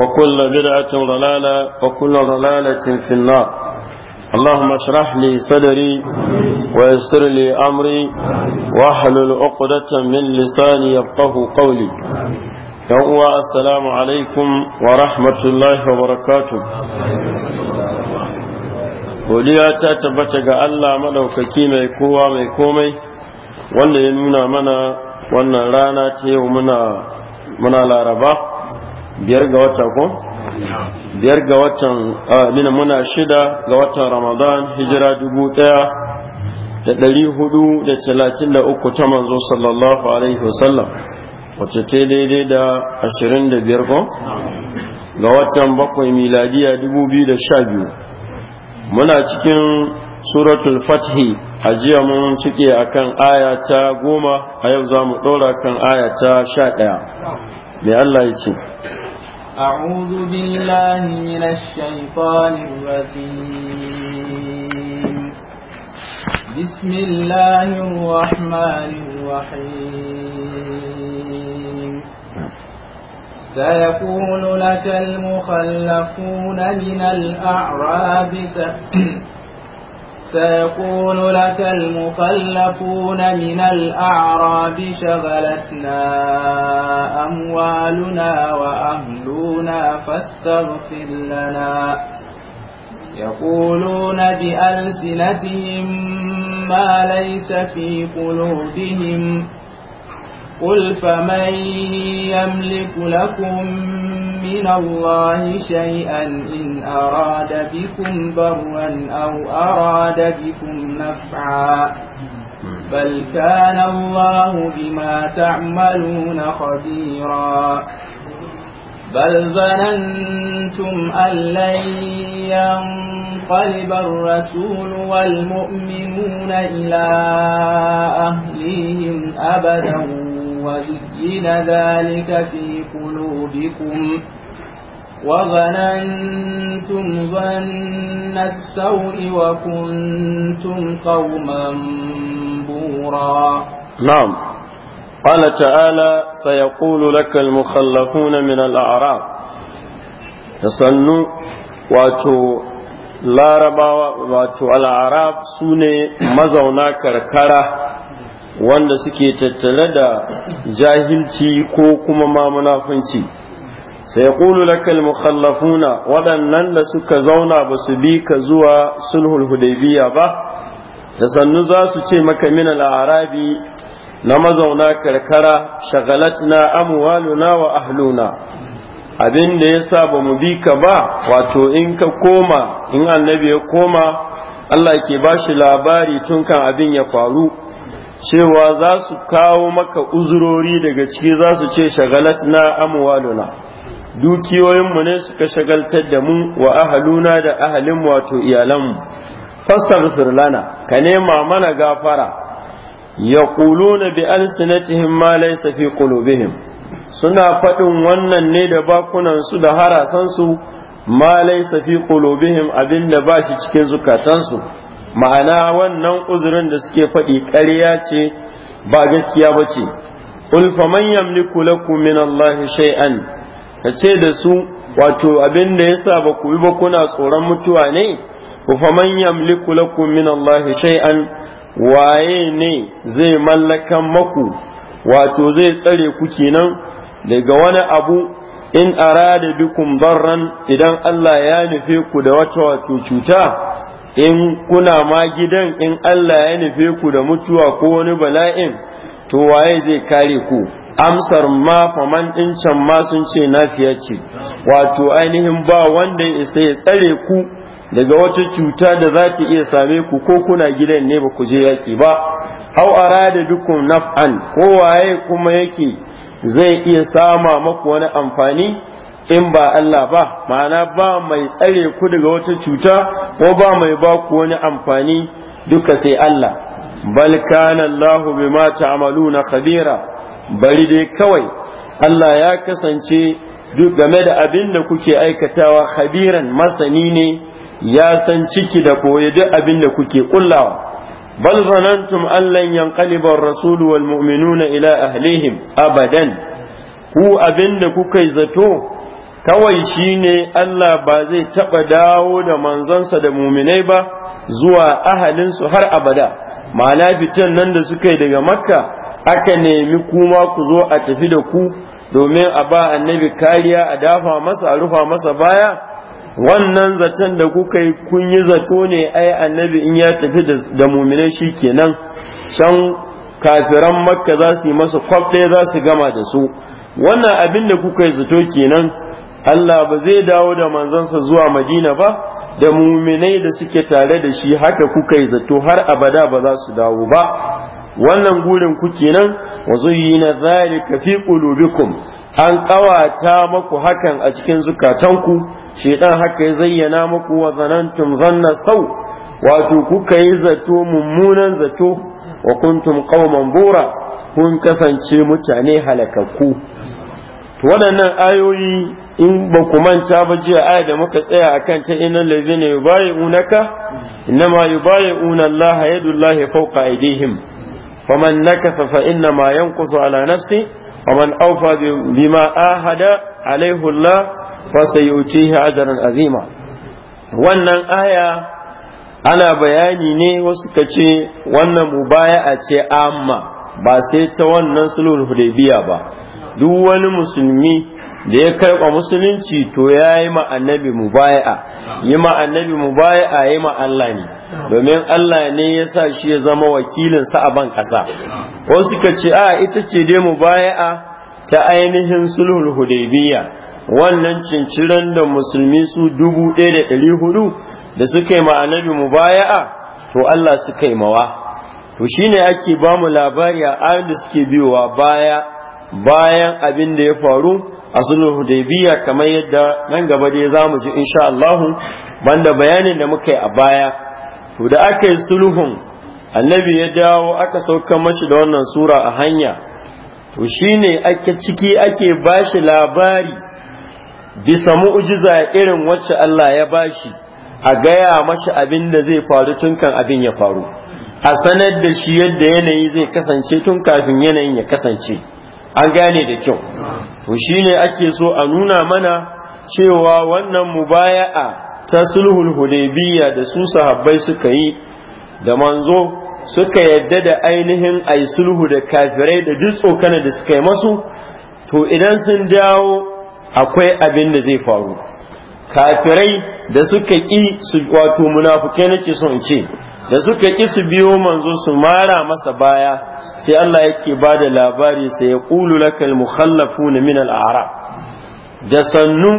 وكل بدعة ضلالة وكل ضلالة في النار اللهم اشرح لي صدري ويسر لي أمري واحلل عقدة من لساني يفقه قولي يوم السلام عليكم ورحمة الله وبركاته godiya ta tabbata ga Allah maɗaukaki mai kowa mai komai wanda ya nuna mana wannan rana ta yau muna laraba biyar ga wata ko biyar ga watan mina muna shida ga watan ramadan hijira dubu daya da dari hudu da talatin da uku ta manzo sallallahu alaihi wasallam wacce ta daidai da ashirin da biyar ko ga watan bakwai miladiya dubu biyu da sha biyu muna cikin suratul fathi a jiya mun cike kan aya ta goma a yau za mu ɗora kan aya ta sha ɗaya mai allah ya ce أعوذ بالله من الشيطان الرجيم بسم الله الرحمن الرحيم سيقول لك المخلفون من الأعراب س... سيقول لك المخلفون من الأعراب شغلتنا أموالنا وأهلنا فاستغفر لنا يقولون بألسنتهم ما ليس في قلوبهم قل فمن يملك لكم من الله شيئا إن أراد بكم برا أو أراد بكم نفعا بل كان الله بما تعملون خبيرا بل ظننتم أن لن ينقلب الرسول والمؤمنون إلى أهليهم أبدا وزين ذلك في قلوبكم وظننتم ظن السوء وكنتم قوما بورا نعم قال تعالى سيقول لك المخلفون من الأعراب يصنوا واتو larabawa wato al'arab sune mazauna karkara wanda suke tattale da jahilci ko kuma ma munafunci sayaqulu lakal mukallafuna waɗannan da suka zauna ba su bi ka zuwa sulhul ba da sannu za su ce maka min al na mazauna karkara shagalat shagalatna amwaluna wa ahluna abin da yasa ba mu bi ka ba wato in ka koma in annabi ya koma Allah ke ba shi labari tun kan abin ya faru cewa za su kawo maka uzurori daga ciki za su ce shagalatna amwaluna dukiyoyinmu ne suka shagaltar da mu wa ahaluna da ahalin wato iyalanmu fastaghfir lana ka nema mana gafara yaquluna bi alsinatihim ma laysa fi qulubihim suna faɗin wannan ne da bakunan su da harasan su ma laysa fi qulubihim abinda ba shi cikin zukatansu ma'ana wannan uzurin da suke faɗi ƙarya ce ba gaskiya bace qul faman yamliku lakum min allahi shay'an ka ce da su wato abin da yasa ba ku yi ba kuna tsoron mutuwa ne ku fa man yamliku lakum min Allah shay'an waye ne zai mallakan maku wato zai tsare ku kenan daga wani abu in arada bikum darran idan Allah ya nufe ku da wata wato cuta in kuna ma gidan in Allah ya nufe ku da mutuwa ko wani bala'in to waye zai kare ku amsar ma faman ɗin can ma sun ce nafiya ce wato ainihin ba wanda ya isa ya tsare ku daga wata cuta da za ta iya same ku ko kuna gidan ne ba ku je yaƙi ba hau da dukkan naf'an ko waye kuma yake zai iya sama maku wani amfani in ba Allah ba ma'ana ba mai tsare ku daga wata cuta ko ba mai ba ku wani amfani duka sai Allah bal kana Allah bima ta'maluna khabira bari dai kawai Allah ya kasance duk game da abin da kuke aikatawa habiran masani ne ya san ciki da koyi duk abin da kuke kullawa bal zanantum an lan yanqaliba ar-rasulu wal mu'minuna ila ahlihim abadan ku abin da kuka zato kawai shine Allah ba zai taba dawo da manzonsa da muminai ba zuwa ahalinsu har abada ma'ana fitan nan da suka yi daga makka aka nemi kuma ku zo a tafi da ku domin a ba annabi kariya a dafa masa a rufa masa baya wannan zaton da kuka yi kun yi zato ne ai annabi in ya tafi da muminai shi kenan can kafiran makka za su yi masa kwaf ɗaya za su gama da su wannan abin da kuka yi zato kenan allah ba zai dawo da manzansa zuwa madina ba da muminai da suke tare da shi haka kuka yi zato har abada ba za su dawo ba wannan gurin ku kenan wa zuyyina zalika fi qulubikum an kawata maku hakan a cikin zukatanku shedan haka ya zayyana maku wa zanantum zanna sau wato kuka yi zato mummunan zato wa kuntum qauman bura kun kasance mutane halakakku waɗannan ayoyi in ba ku manta ba jiya aya da muka tsaya akan ta innal ladzina yubayyi'unaka ma yubayyi'una Allah yadullahi fawqa aydihim ومن نكث فإنما ينقص على نفسه ومن أوفى بما آهد عليه الله فسيؤتيه أجرا عظيما wannan aya ana bayani ne wasu ka ce wannan mubaya'a ce amma ba sai ta wannan sulhul hudaybiya ba duk wani musulmi da ya karɓa musulunci to ya yi ma annabi mubaya'a yi ma annabi mu baya a yi ma Allah ne domin Allah ne ya sa shi ya zama wakilin sa a ban kasa ko suka ce a ita ce dai mu baya a ta ainihin sulhul hudaybiyya wannan cinciran da musulmi su dubu ɗaya da ɗari hudu da suka yi ma mu baya a to Allah suka yi mawa to shine ake ba mu labari a ayoyin da suke biyowa baya bayan abin da ya faru a sulhul hudaybiya kamar yadda nan gaba dai za mu ji insha Allah banda bayanin da muka yi a baya to da aka yi sulhun annabi ya dawo aka sauka mashi da wannan sura a hanya to shine ake ciki ake bashi labari bisa mu'jiza irin wacce Allah ya bashi a gaya mashi abin da zai faru tun kan abin ya faru a sanar da shi yadda yanayi zai kasance tun kafin yanayin ya kasance an gane da kyau to shine ake so a nuna mana cewa wannan mubaya'a ta sulhul hudaybiyya da su sahabbai suka yi da manzo suka yadda da ainihin ai sulhu da kafirai da duk tsokana da suka yi masu to idan sun dawo akwai abin da zai faru kafirai da suka ƙi wato munafukai nake son ce da suka ƙi su biyo manzo su mara masa baya sai Allah yake ba da labari sai ya ƙulu lakal na min al'arab da sannu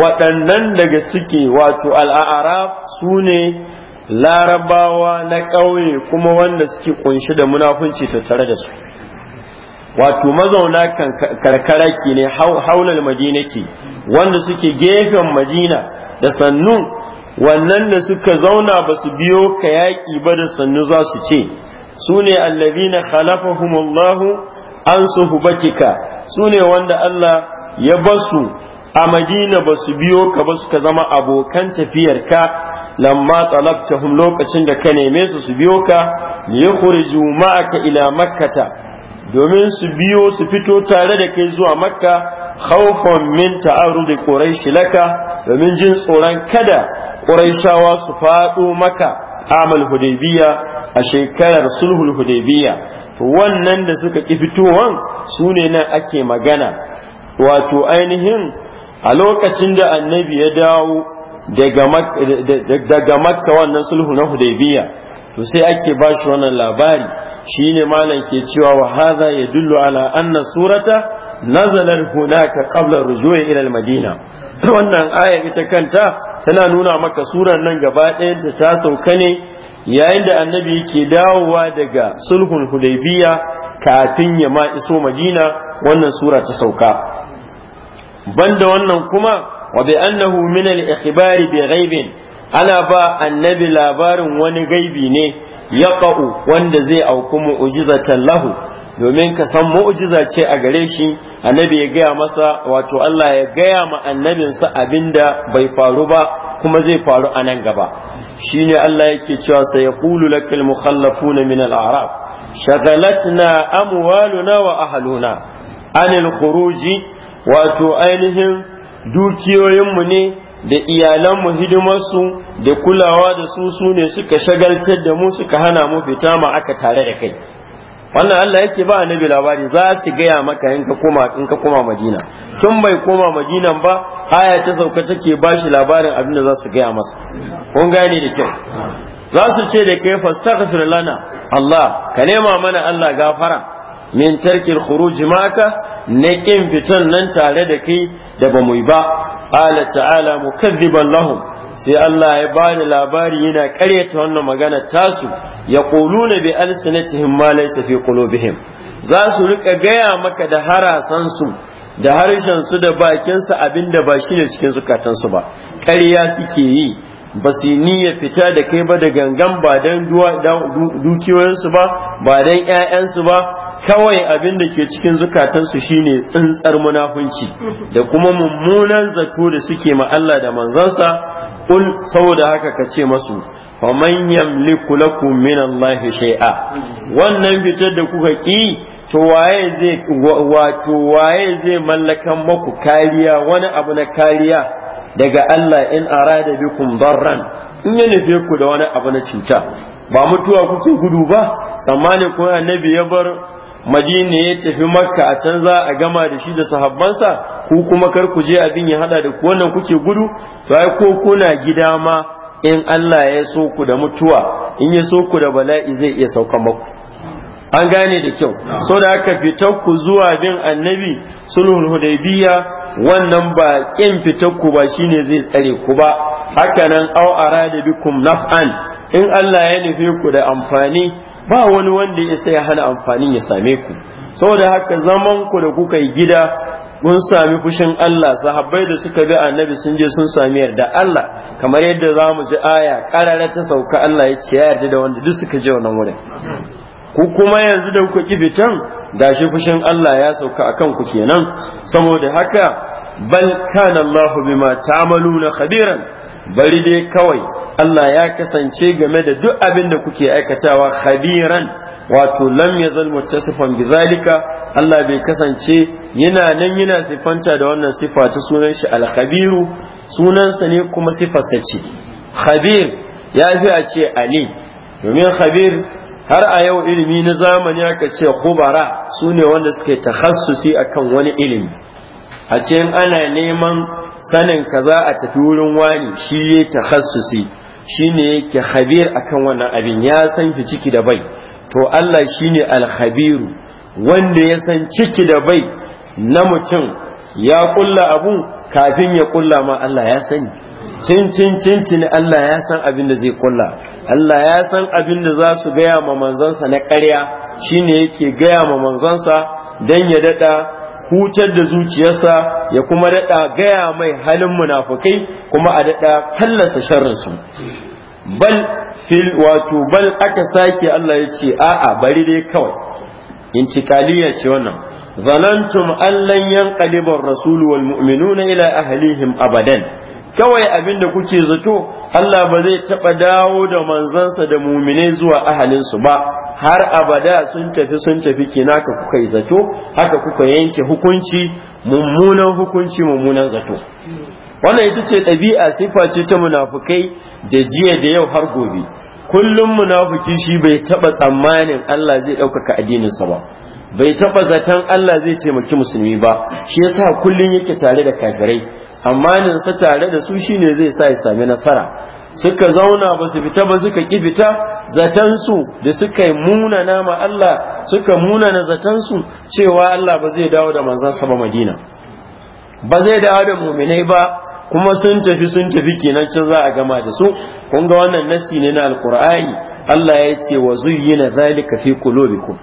waɗannan daga suke wato al'arab su ne larabawa na ƙauye kuma wanda suke ƙunshi da munafunci ta tare da su wato mazauna karkara ne haular madina ke wanda suke gefen madina da sannu wannan da suka zauna ba su biyo ka yaƙi ba da sannu za su ce su ne allabi na khalafahumullahu an hubakika su ne wanda Allah ya su a Madina ba su biyo ka ba suka zama abokan tafiyarka lamma talabtahum lokacin da ka neme su su biyo ka juma'a ma'aka ila makkata domin su biyo su fito tare da kai zuwa makka khawfan min ta'arudi quraish laka domin jin tsoron kada quraishawa su faɗo maka amal hudaybiya a shekarar sulhul hudaybiya wannan da suka ki fitowan su ne nan ake magana wato ainihin a lokacin da annabi ya dawo daga makka wannan sulhu na hudaybiya to sai ake ba shi wannan labari shine malam ke cewa wa hadha yadullu ala anna surata nazalar hunaka qabla rujui ila al-madina wannan aya ita kanta tana nuna maka surar nan gaba ɗayanta ta sauka ne yayin da annabi yake dawowa daga sulhun hudaybiya kafin ya ma iso madina wannan sura ta sauka banda wannan kuma wa bi annahu min al-ikhbari bi ghaibin ana ba annabi labarin wani gaibi ne yaqa'u wanda zai auku mu'jizatan lahu domin ka san mu'jiza ce a gare shi annabi ya gaya masa wato Allah ya gaya ma annabinsa abinda bai faru ba kuma zai faru a nan gaba shine Allah yake cewa sai yaqulu lakal mukhallafuna min al-a'rab shagalatna amwaluna wa ahluna anil khuruji wato ainihin dukiyoyinmu ne da iyalanmu hidimarsu da kulawa da su su ne suka shagaltar da mu suka hana mu fita ma aka tare da kai wannan Allah yake ba annabi labari za su gaya maka in ka koma in ka koma Madina tun bai koma Madinan ba aya ta sauka take ba shi labarin abin da za su gaya masa kun gane da kyau za su ce da kai fastaghfir lana Allah ka nema mana Allah gafara min tarkil khuruj maka na kin fitan nan tare da kai da ba mu ba ala ta'ala mukazziban lahum sai Allah ya bani labari yana ƙaryata wannan magana tasu ya quluna bi alsinatihim ma laysa fi qulubihim za su rika gaya maka da harasan su da harshen su da bakin su abinda ba shi shine cikin zukatansu ba ƙarya suke yi ba su fita da kai ba da gangan ba don dukiyoyinsu ba ba don 'ya'yansu ba kawai abin da ke cikin zukatansu shine tsintsar munafunci da kuma mummunan zato da suke ma Allah da manzansa kul saboda haka ka ce masu faman yamliku lakum min Allah shay'a wannan fitar da kuka ki to wato waye zai mallakan maku kariya wani abu na kariya daga Allah in arada bikum darran in ya nufe ku da wani abu na cuta ba mutuwa kuke gudu ba tsammanin ko annabi ya bar madina ya tafi makka a can za a gama da shi da sahabbansa ku kuma kar ku je abin ya hada da ku wannan kuke gudu to ai ko kuna gida ma in Allah ya so ku da mutuwa in ya so ku da bala'i zai iya sauka maku an gane da kyau so da aka fitar ku zuwa bin annabi sulhul hudaybiya wannan ba ƙin fitar ku ba shine zai tsare ku ba haka nan au arada bikum naf'an in Allah ya nufe ku da amfani ba wani wanda ya sai hana amfanin ya same ku saboda haka zaman ku da kuka yi gida mun sami fushin Allah sahabbai da suka ga annabi sun je sun sami yarda Allah kamar yadda za mu ji aya karara ta sauka Allah ya ce yarda da wanda duk suka je wannan wurin ku kuma yanzu da kuka ki fitan shi fushin Allah ya sauka akan ku kenan saboda haka bal kana Allah bima ta'maluna khabiran bari dai kawai Allah ya kasance game da duk abin da kuke aikatawa khabiran wato lam yazal muttasifan bizalika Allah bai kasance yana nan yana sifanta da wannan sifa ta sunan shi al-khabiru sunansa ne kuma sifarsa ce khabir ya fi a ce Ali, domin khabir har a yau ilimi na zamani aka ce hubara su ne wanda suke takhassusi akan wani ilimi a ce ana neman sanin kaza a tafi wurin wani shi ya takhassusi shi ne yake khabir akan wannan abin ya san fi ciki da bai to Allah shi ne alkhabiru wanda ya san ciki da bai na mutum ya kulla abu kafin ya kulla ma Allah ya sani cincin cincin Allah ya san abin da zai kulla Allah ya san abin da za su gaya ma manzansa na ƙarya shine yake gaya ma manzansa don ya daɗa hutar da zuciyarsa ya kuma daɗa gaya mai halin munafukai kuma a daɗa kallasa sharrinsu bal fil wato bal aka sake Allah ya ce a'a bari dai kawai ya ce wannan zanantum an lan yanqaliba rasulu wal mu'minuna ila ahlihim abadan kawai abin da kuke zato Allah ba zai taɓa dawo da manzansa da mumine zuwa ahalinsu ba har abada sun tafi sun tafi kina ka kuka yi zato haka kuka yanke hukunci mummunan hukunci mummunan zato wannan ita ce ɗabi'a sifa ce ta munafukai da jiya da yau har gobe kullum munafuki shi bai taɓa tsammanin Allah zai ɗaukaka addininsa ba bai taba zaton Allah zai taimaki musulmi ba shi yasa kullum yake tare da kafirai amma sa tare da su shine zai sa ya sami nasara suka zauna ba su fita ba suka ki fita zaton su da suka yi munana ma Allah suka munana zaton su cewa Allah ba zai dawo da manzon sa ba Madina ba zai dawo da muminai ba kuma sun tafi sun tafi kenan can za a gama da su kun ga wannan nasi ne na alqur'ani Allah ya ce wa zuyyina zalika fi qulubikum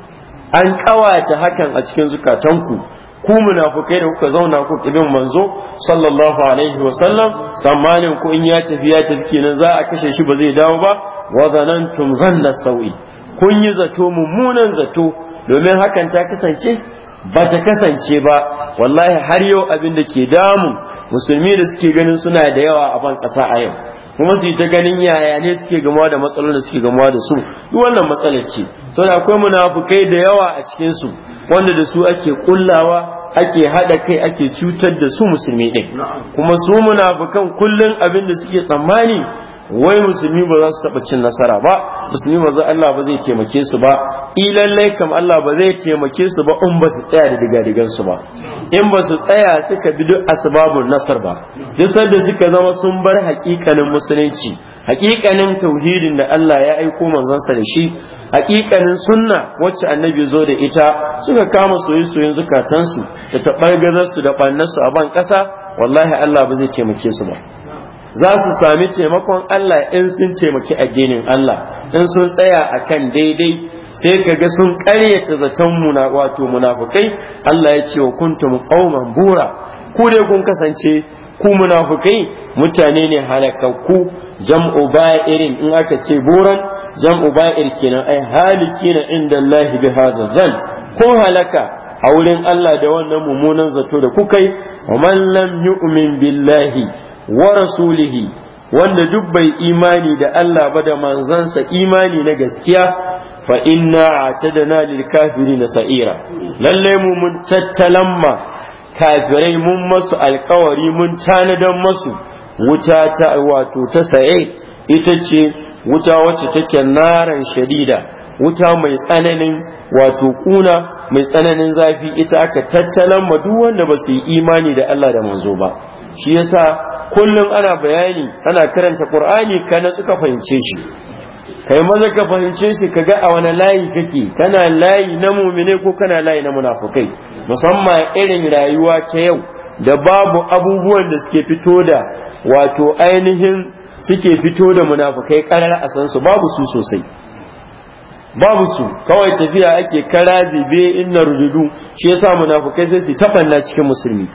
an kawace hakan a cikin zukatanku ku munafukai da kuka zauna ku kibin manzo sallallahu alaihi wa sallam tsammanin ku in ya tafi ya tafi kenan za a kashe shi ba zai dawo ba wa zanantum zanna sau'i kun yi zato mummunan zato domin hakan ta kasance ba ta kasance ba wallahi har yau abin da ke damu musulmi da suke ganin suna da yawa a ban ƙasa a yau kuma su yi ta ganin yaya ne suke gamuwa da matsalar da suke gamuwa da su duk wannan matsalar ce to da akwai munafukai da yawa a cikin su wanda da su ake kullawa ake hada kai ake cutar da su musulmi din kuma su munafukan kullum abin da suke tsammani wai musulmi ba za su taɓa cin nasara ba musulmi ba za Allah ba zai taimake su ba ilallai kam Allah ba zai taimake su ba in ba su tsaya da digadigan su ba in ba su tsaya suka bi duk asbabun nasar ba duk sanda suka zama sun bar haƙiƙanin musulunci haƙiƙanin tauhidin da Allah ya aiko manzansa da shi haƙiƙanin sunna wacce annabi zo da ita suka kama soyayyen zukatansu da su da bannansu a ban ƙasa wallahi Allah ba zai taimake su ba za su sami taimakon Allah in sun taimaki addinin Allah in sun tsaya a kan daidai sai ka ga sun ƙaryata zaton muna wato munafukai Allah ya ce wa kuntum qauman bura ku dai kun kasance ku munafukai mutane ne halakakku jam'u ba'irin in aka ce buran jam'u ba'ir kenan ai halikina inda Allah bi hadha zan ko halaka a wurin Allah da wannan mummunan zato da kukai wa man lam yu'min billahi wa rasulihi wanda duk bai imani da Allah ba da manzansa imani na gaskiya fa inna atadna lil kafirin sa'ira lalle mu mun tattalamma kafirai mun masu alkawari mun tanadan masu wuta ta wato ta sa'e ita ce wuta wacce take naran shadida wuta mai tsananin wato kuna mai tsananin zafi ita aka tattalan duk wanda ba su yi imani da Allah da manzo ba shi yasa kullum ana bayani ana karanta qur'ani ka suka suka fahimce shi kai maza ka fahimce shi ka ga a wani layi kake kana layi na mumine ko kana layi na munafukai musamman irin rayuwa ta yau da babu abubuwan da suke fito da wato ainihin suke fito da munafukai karar a san babu su sosai babu su kawai tafiya ake kara zibe inna rududu shi yasa munafukai sai su tafanna cikin musulmi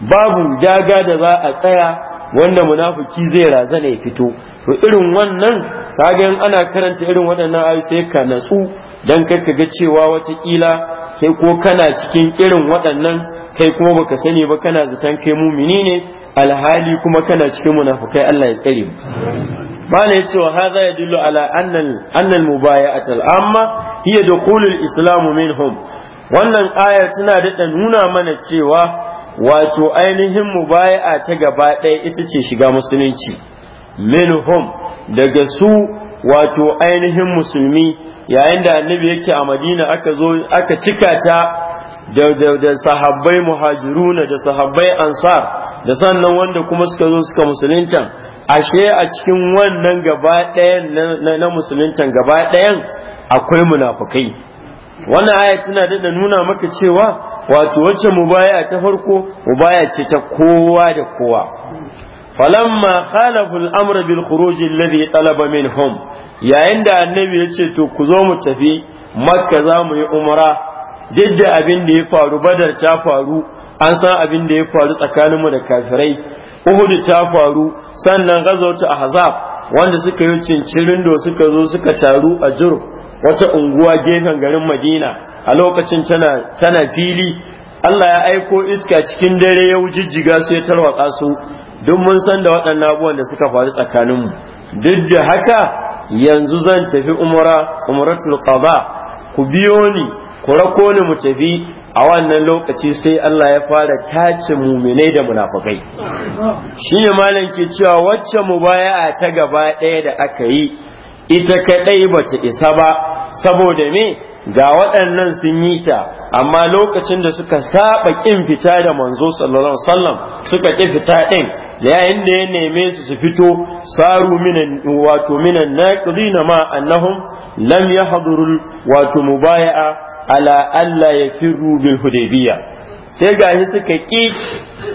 babu jaga da za a tsaya wanda munafiki zai razana ya fito to irin wannan kaga in ana karanta irin waɗannan ayoyi sai ka natsu dan kar ka ga cewa watakila kai ko kana cikin irin waɗannan kai kuma baka sani ba kana zaton kai mumini ne alhali kuma kana cikin munafukai Allah ya tsare mu bana ya cewa haza ya dillu ala annal annal mubaya'at amma hiya dukhulul islam minhum wannan ayar tana daɗa nuna mana cewa wato ainihin mubaya'a ta gaba ɗaya ita ce shiga musulunci minhum daga su wato ainihin musulmi yayin da annabi yake a madina aka zo aka cika ta da sahabbai muhajiruna da sahabbai ansar da sannan wanda kuma suka zo suka musulunta ashe a cikin wannan gaba ɗayan na musuluntan gaba ɗayan akwai munafukai wannan aya tana daɗa nuna maka cewa wato wacce mubaya ta farko mubaya ce ta kowa da kowa falamma khalaful amra bil khuruj alladhi talaba minhum yayin da annabi ya ce to ku zo mu tafi makka za mu yi umra duk da abin da ya faru badar ta faru an san abin da ya faru tsakanin mu da kafirai uhud ta faru sannan gazawta ahzab wanda suka yi cincirindo suka zo suka taru a jurf wata unguwa gefen garin madina a lokacin tana tana fili Allah ya aiko iska cikin dare ya wujijjiga su ya tarwatsa su duk mun san da waɗannan abubuwan da suka faru tsakaninmu duk da haka yanzu zan tafi umara umaratul qada ku biyo ni ku rako ni mu tafi a wannan lokaci sai Allah ya fara tace muminai da munafukai shine malam ke cewa wacce mubaya'a ta gaba ɗaya da aka yi ita kaɗai bata isa ba saboda me ga waɗannan sun yi ta amma lokacin da suka saba ƙin fita da manzo sallallahu alaihi wasallam suka ƙi fita din yayin da ya neme su su fito saru minan wato minan naqdin ma annahum lam yahduru wato mubaya'a ala alla yafiru bil hudaybiyah sai gashi suka ƙi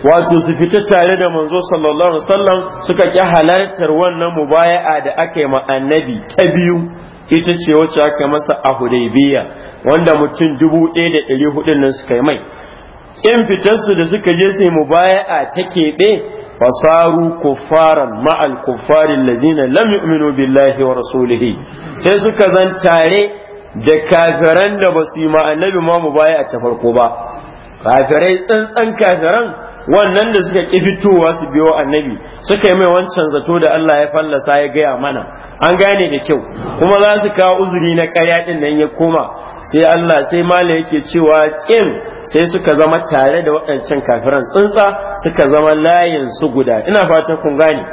wato su fita tare da manzo sallallahu alaihi wasallam suka ƙi halartar wannan mubaya'a da aka yi annabi ta biyu ita ce wacce aka masa a hudaybiya wanda mutum dubu ɗaya da ɗari hudun nan suka yi mai in fitarsu da suka je sai mubaya'a ta keɓe fasaru kuffaran ma'al kuffarin lazina lam yu'minu billahi wa rasulihi sai suka zan tare da kafiran da ba su yi ma annabi ma mubaya'a ta farko ba kafirai tsantsan kafiran wannan da suka ƙi fitowa su biyo annabi suka yi mai wancan zato da Allah ya fallasa ya gaya mana an gane da kyau kuma za su kawo uzuri na ƙarya din nan ya koma sai Allah sai mala yake cewa kin sai suka zama tare da waɗancan kafiran tsuntsa suka zama layin su guda ina fatan kun gane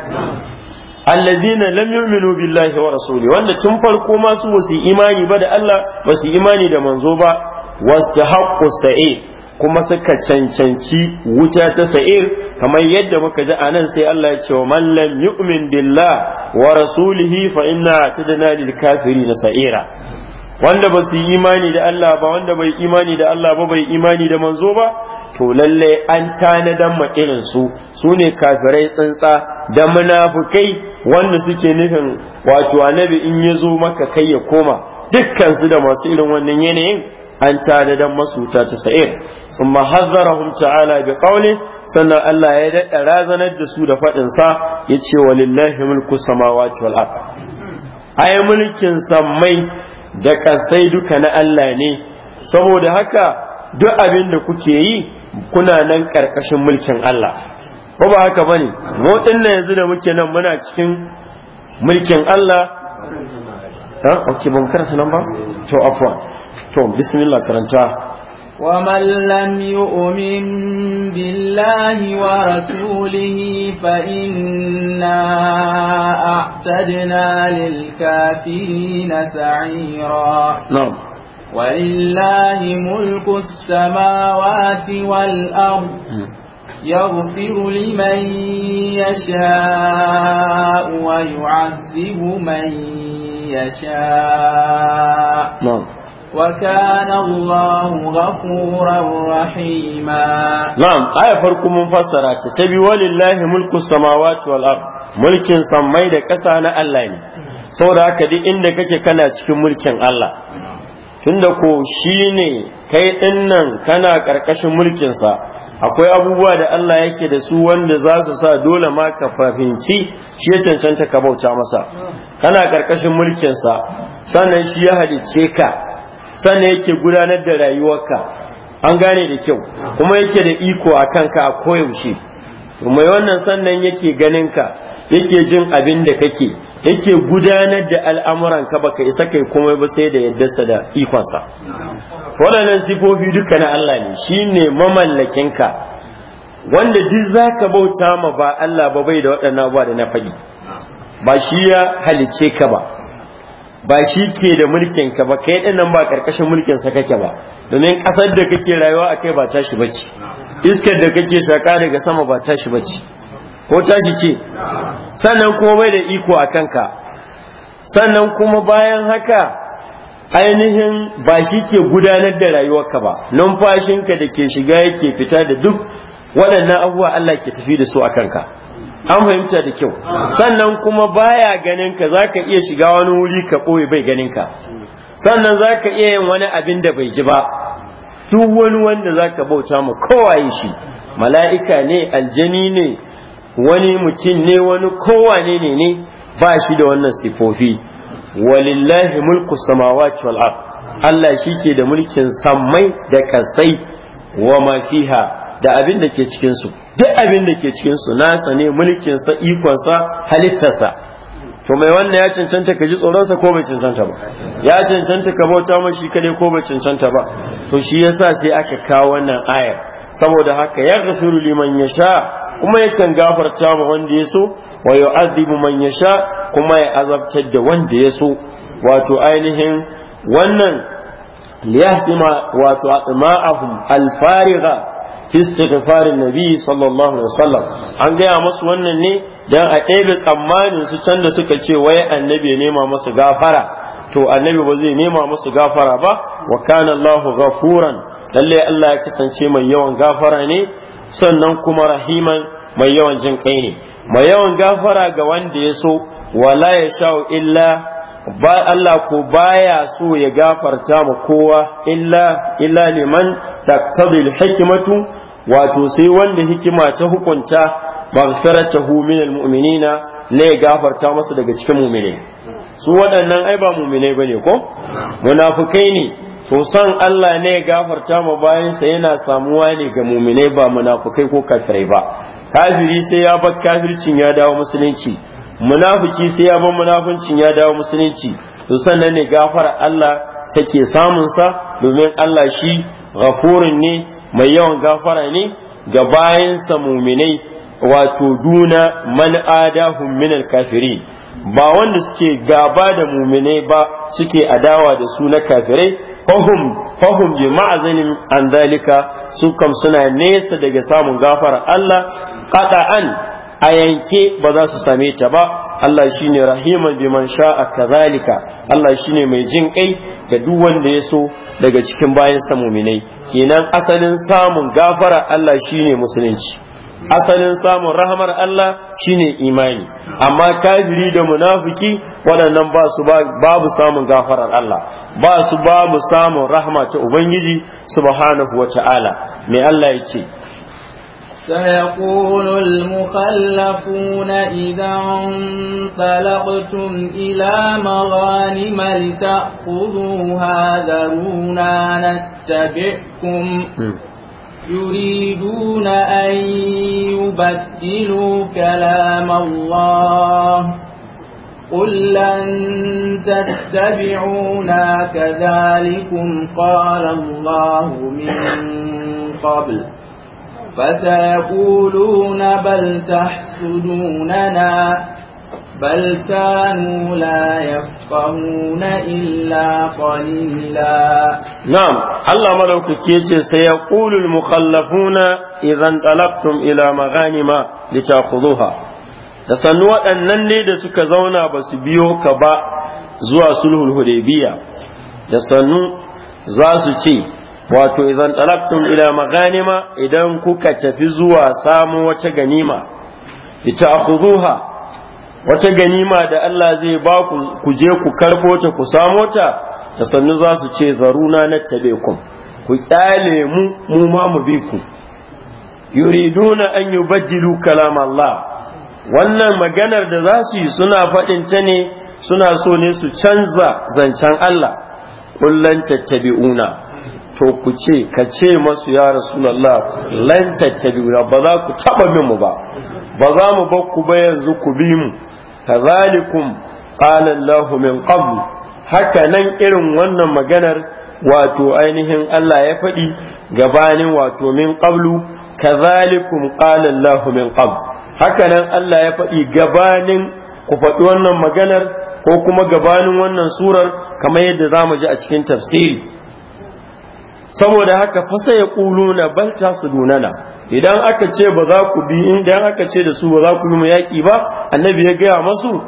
allazina lam yu'minu billahi wa rasuli wanda tun farko ma su su imani ba da Allah basu imani da manzo ba wastahaqqu sa'i kuma suka cancanci wuta ta sa'ir kamar yadda muka ji anan sai Allah ya ce wa man lam yu'min billah wa rasulihi fa inna tadna lil na sa'ira wanda ba su imani da Allah ba wanda bai imani da Allah ba bai imani da manzo ba to lalle an tanadan ma irin su sune kafirai tsantsa da munafukai wanda suke nufin wato annabi in ya zo maka kai ya koma dukkan su da masu irin wannan yanayin an tada tanadan masuta tasa'in amma hazzarahum ta'ala bi qawli sannan Allah ya dadda razanar da su da fadin sa yace walillahi mulku samawati wal ard ai mulkin samai da kasai duka na Allah ne saboda haka duk abin da kuke yi kuna nan karkashin mulkin Allah ko ba haka bane mu dinnan yanzu da muke nan muna cikin mulkin Allah ha okay ban karanta nan ba to afwan بسم الله karanta ومن لم يؤمن بالله ورسوله فإنا أعتدنا للكافرين سعيرا نعم ولله ملك السماوات والأرض يغفر لمن يشاء ويعذب من يشاء نعم وكان الله غفورا رحيما نعم آية فرق من فسرات تبي ولله ملك السماوات والأرض ملك سمي da ƙasa na Allah ne saboda haka duk inda kake kana cikin mulkin Allah tunda ko ne kai nan kana ƙarƙashin mulkin sa akwai abubuwa da Allah yake da su wanda za su sa dole ma ka fahimci shi ya cancanta ka bauta masa kana ƙarƙashin mulkin sa sannan shi ya halicce ka sannan yake gudanar da rayuwarka an gane da kyau kuma yake da iko a kanka a koyaushe mai wannan sannan yake ganin ka yake jin abin da kake yake gudanar da al'amuranka baka isa kai komai ba sai da sa da ikonsa waɗannan sifofi duka na Allah ne shi ne ka wanda duk za ka bauta ma ba Allah ba bai da waɗannan ba da na faɗi ba shi ya halicce ka ba ba shi ke da mulkin ka ba kai dinnan ba karkashin mulkin sa kake ba domin kasar da kake rayuwa akai ba tashi bace iskar da kake shaka daga sama ba tashi bace ko tashi ce sannan kuma bai da iko a kanka sannan kuma bayan haka ainihin ba shi ke gudanar da rayuwarka ba numfashinka da ke shiga yake fita da duk waɗannan abubuwa Allah ke tafi da su a kanka an fahimta da kyau sannan kuma baya ganin ka zaka iya shiga wani wuri ka ɓoye bai ganin ka sannan ka iya yin wani abin da bai ji ba duk wani wanda za ka bauta mu kowaye shi mala'ika ne aljani ne wani mutum ne wani kowane ne ne ba shi da wannan sifofi walillahi mulku samawati wal Allah shi ke da mulkin sammai da kasai wa Masiha, da abin da ke cikin su duk abin da ke cikin su nasa ne mulkin ikonsa ikon sa to mai wannan ya cancanta ka ji tsoronsa sa ko bai cancanta ba ya cancanta ka bauta mashi kadai ko bai cancanta ba to shi yasa sai aka kawo wannan ayar saboda haka ya gafuru liman ya sha kuma yakan gafarta ma wanda ya so wa yu'adhibu man ya sha kuma ya azabtar da wanda ya so wato ainihin wannan liyahsima wato al alfariga istighfarin nabi sallallahu alaihi wasallam an gaya masu wannan ne dan a ɗebe tsammanin su can da suka ce wai annabi ya nema masu gafara to annabi ba zai nema masu gafara ba wa kana Allah ghafuran lalle Allah ya kasance mai yawan gafara ne sannan kuma rahiman mai yawan jin kai ne mai yawan gafara ga wanda ya so wala ya sha'u illa ba Allah ko baya so ya gafarta ma kowa illa illa liman taqtadil hikmatu wato sai wanda hikima ta hukunta maghfiratahu min almu'minina ne ya gafarta masa daga cikin mu'mine su waɗannan ai ba ba bane ko Munafukai ne to san Allah ne ya gafarta ma bayansa yana samuwa ne ga muminai ba munafukai ko kafirai ba kafiri sai ya bar kafircin ya dawo musulunci munafuki sai ya bar munafuncin ya dawo musulunci to sannan ne gafar Allah take sa domin Allah shi ghafurin ne mai yawan gafara ne ga bayansa muminai wato duna man adahum min kafirin ba wanda suke gaba da muminai ba suke adawa da su na kafirai fahum fahum bi ma'azanin an dalika su kam suna nesa daga samun gafara Allah qata'an a yanke ba za su same ta ba Allah shi ne rahiman biman sha'a kazalika Allah shi ne mai jin kai ga duk wanda ya so daga cikin bayan sa muminai kenan asalin samun gafara Allah shi ne musulunci asalin samun rahmar Allah shi ne imani amma kafiri da munafiki waɗannan ba su babu samun gafarar Allah ba su babu samun rahama ta ubangiji subhanahu wata'ala me Allah ya ce سيقول المخلفون إذا انطلقتم إلى مغانم لتأخذوها ذرونا نتبعكم يريدون أن يبدلوا كلام الله قل لن تتبعونا كذلكم قال الله من قبل فسيقولون بل تحسدوننا بل كانوا لا يفقهون إلا قليلا نعم الله ملوك كيجي سيقول المخلفون إذا انطلقتم إلى مغانم لتأخذوها da sannu waɗannan ne da suka zauna ba su biyo ka ba zuwa sulhul hudaybiya da sannu za su ce wato idan talaktun ila maganima idan kuka tafi zuwa samu wace ganima ita akhuduha wace ganima da Allah zai ba ku ku je ku karbo ta ku samo ta da sannu za su ce zaruna na tabekum ku kyale mu mu ma mu bi ku yuriduna an yubaddilu kalam Allah wannan maganar da za su yi suna faɗin ta ne suna so ne su canza zancen Allah kullanta tattabi'una to ku ce ka ce masu ya rasulullah lan tattabi'una ba za ku taba min mu ba ba za mu ba ku ba yanzu ku bi mu ta zalikun Allahu min qabl haka nan irin wannan maganar wato ainihin Allah ya faɗi gabanin wato min qablu kadhalikum qala Allahu min qabl haka nan Allah ya faɗi gabanin ku faɗi wannan maganar ko kuma gabanin wannan surar kamar yadda za mu ji a cikin tafsiri saboda haka fasa ya kuluna bal dunana, idan aka ce ba za ku bi idan aka ce da su ba za ku yi mu yaki ba annabi ya gaya masu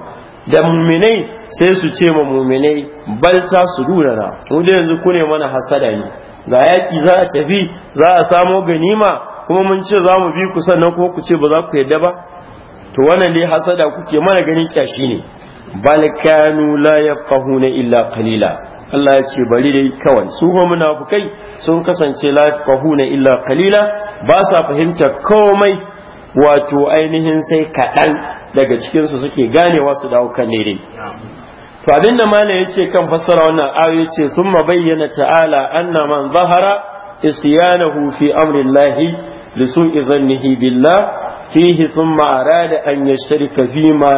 da muminai sai su ce ma muminai bal dunana mu da yanzu ku ne mana hasada ne ga yaƙi za a tafi za a samo ganima kuma mun ce za mu bi ku sannan kuma ku ce ba za ku yadda ba to wannan dai hasada kuke mana ganin kyashi ne bal kanu la yafqahuna illa qalila Allah ya ce bari dai kawai su kuma munafukai sun kasance la na illa qalila ba sa fahimta komai wato ainihin sai kaɗan daga cikin su suke ganewa su dawo kan dai to abin da malam yace kan fassara wannan ayoyi yace summa bayyana ta'ala anna man zahara isyanahu fi amrillahi لسوء ظنه بالله فيه ثم أراد أن يشترك فيما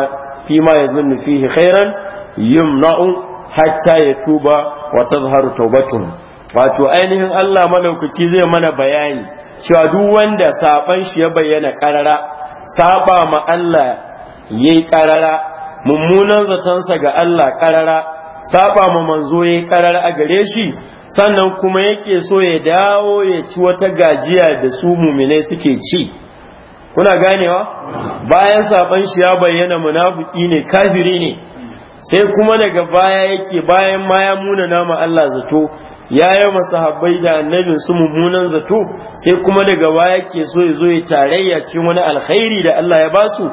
فيما يظن فيه خيرا يمنع hatta ya tuba wa tazharu taubatun wato ainihin Allah malaukaki zai mana bayani cewa duk wanda saban shi ya bayyana karara saba ma Allah yayi karara mummunan zatonsa ga Allah karara saba ma manzo yayi karara a gare shi sannan kuma yake so ya dawo ya ci wata gajiya da su muminai suke ci kuna ganewa bayan saban shi ya bayyana munafiki ne kafiri ne sai kuma daga baya yake bayan ma ya muna nama Allah zato ya yi masahabbai da annabin su mummunan zato sai kuma daga baya yake so ya zo ya tarayya ce wani alkhairi da Allah ya basu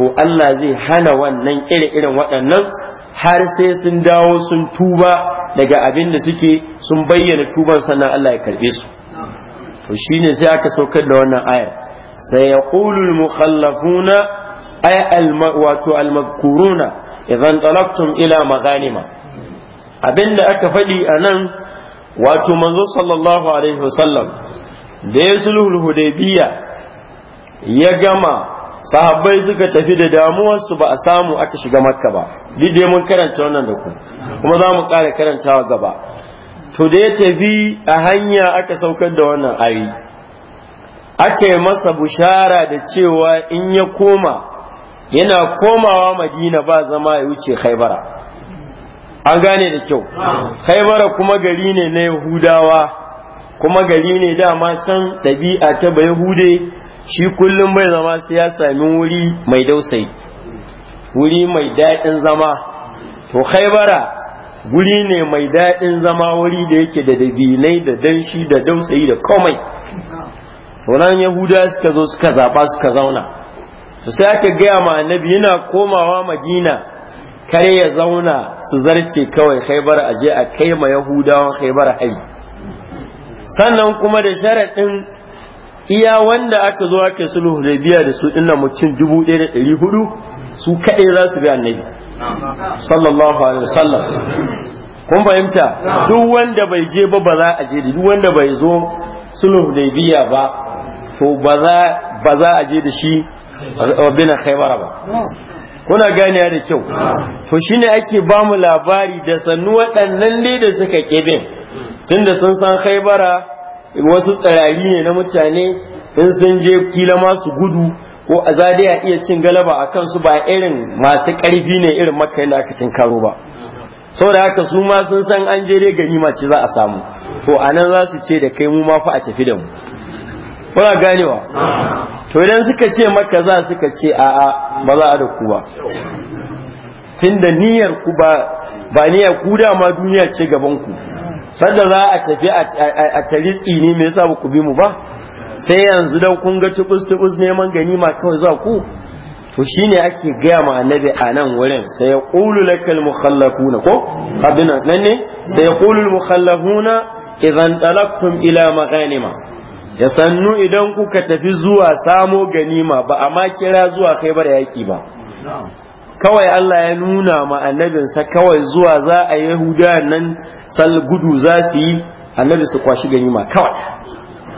to Allah zai hana wannan irin irin waɗannan har sai sun dawo sun tuba daga abin da suke sun bayyana tuban sannan Allah ya karɓe su to shine sai aka saukar da wannan ayar sai yaqulul mukhallafuna ay al wato al idan talabtum ila maghanima abinda aka faɗi a nan wato manzo sallallahu alaihi wasallam da ya sulhul hudaybiya ya gama sahabbai suka tafi da damuwarsu ba a samu aka shiga makka ba dai mun karanta wannan da ku kuma za mu ƙara karantawa gaba to da ya tafi a hanya aka saukar da wannan ayi aka masa bushara da cewa in ya koma yana komawa madina ba zama ya wuce khaibara an gane da kyau khaibara kuma gari ne na yahudawa kuma gari ne dama can ɗabi'a ta ba hude shi kullum bai zama sai ya sami wuri mai dausayi wuri mai daɗin zama to khaibara guri ne mai daɗin zama wuri da yake da dabinai da danshi da dausayi da komai to nan yahuda suka zo suka zaɓa suka zauna to sai aka gaya ma annabi yana komawa madina kare ya zauna su zarce kawai a aje a kai ma yahudawan khaybar hari sannan kuma da sharaɗin iya wanda aka zo aka sulhu biya da su dinna mutum dubu ɗaya da ɗari hudu su kaɗai za su bi annabi sallallahu alaihi wasallam kun fahimta duk wanda bai je ba ba za a je da duk wanda bai zo sulhu biya ba to ba za a je da shi rabbina khaybara ba kuna ganiya da kyau to shine ake ba mu labari da sannu waɗannan ne da suka kebe tunda sun san khaybara wasu tsirari ne na mutane in sun je kila masu gudu ko azadi a iya cin galaba a kansu ba irin masu karfi ne irin makai da aka karo ba saboda haka su ma sun san an je dai ganima ce za a samu to anan za su ce da kai mu ma fa a tafi da mu kuna ganewa to idan suka ce maka za suka ce a'a ba za a da ku ba tunda niyyar ku ba ba niyyar ku dama duniya ce gaban ku sanda za a tafi a tari ne me yasa ku bi mu ba sai yanzu dan kun ga tubus tubus neman ma kawai za ku to shine ake gaya ma annabi a nan wurin sai ya qulu lakal mukhallafuna ko abin nan ne sai ya qulu al mukhallafuna idan talaqtum ila maghanima ya sannu idan kuka tafi zuwa samo ganima ba a ma kira zuwa kai bar yaki ba kawai Allah ya nuna ma annabinsa kawai zuwa za a yahuda nan sal gudu za su yi annabi su kwashi ganima kawai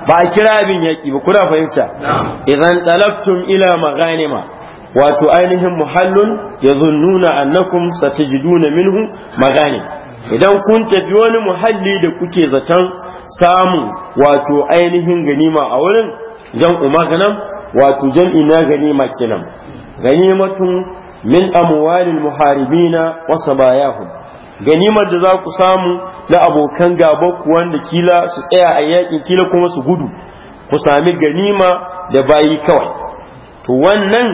ba a kira abin yaki ba kuna fahimta idan talaftum ila ma, wato ainihin muhallun yazunnuna annakum satajiduna minhu maghanima idan kun tafi wani muhalli da kuke zaton samun wato ainihin ganima a wurin jan umaganam wato jan ina ganima kenan ganimatu min amwalil muharibina wa sabayahum ganimar da za ku samu na abokan gaba ku wanda kila su tsaya a yakin kila kuma su gudu ku sami ganima da bayi kawai to wannan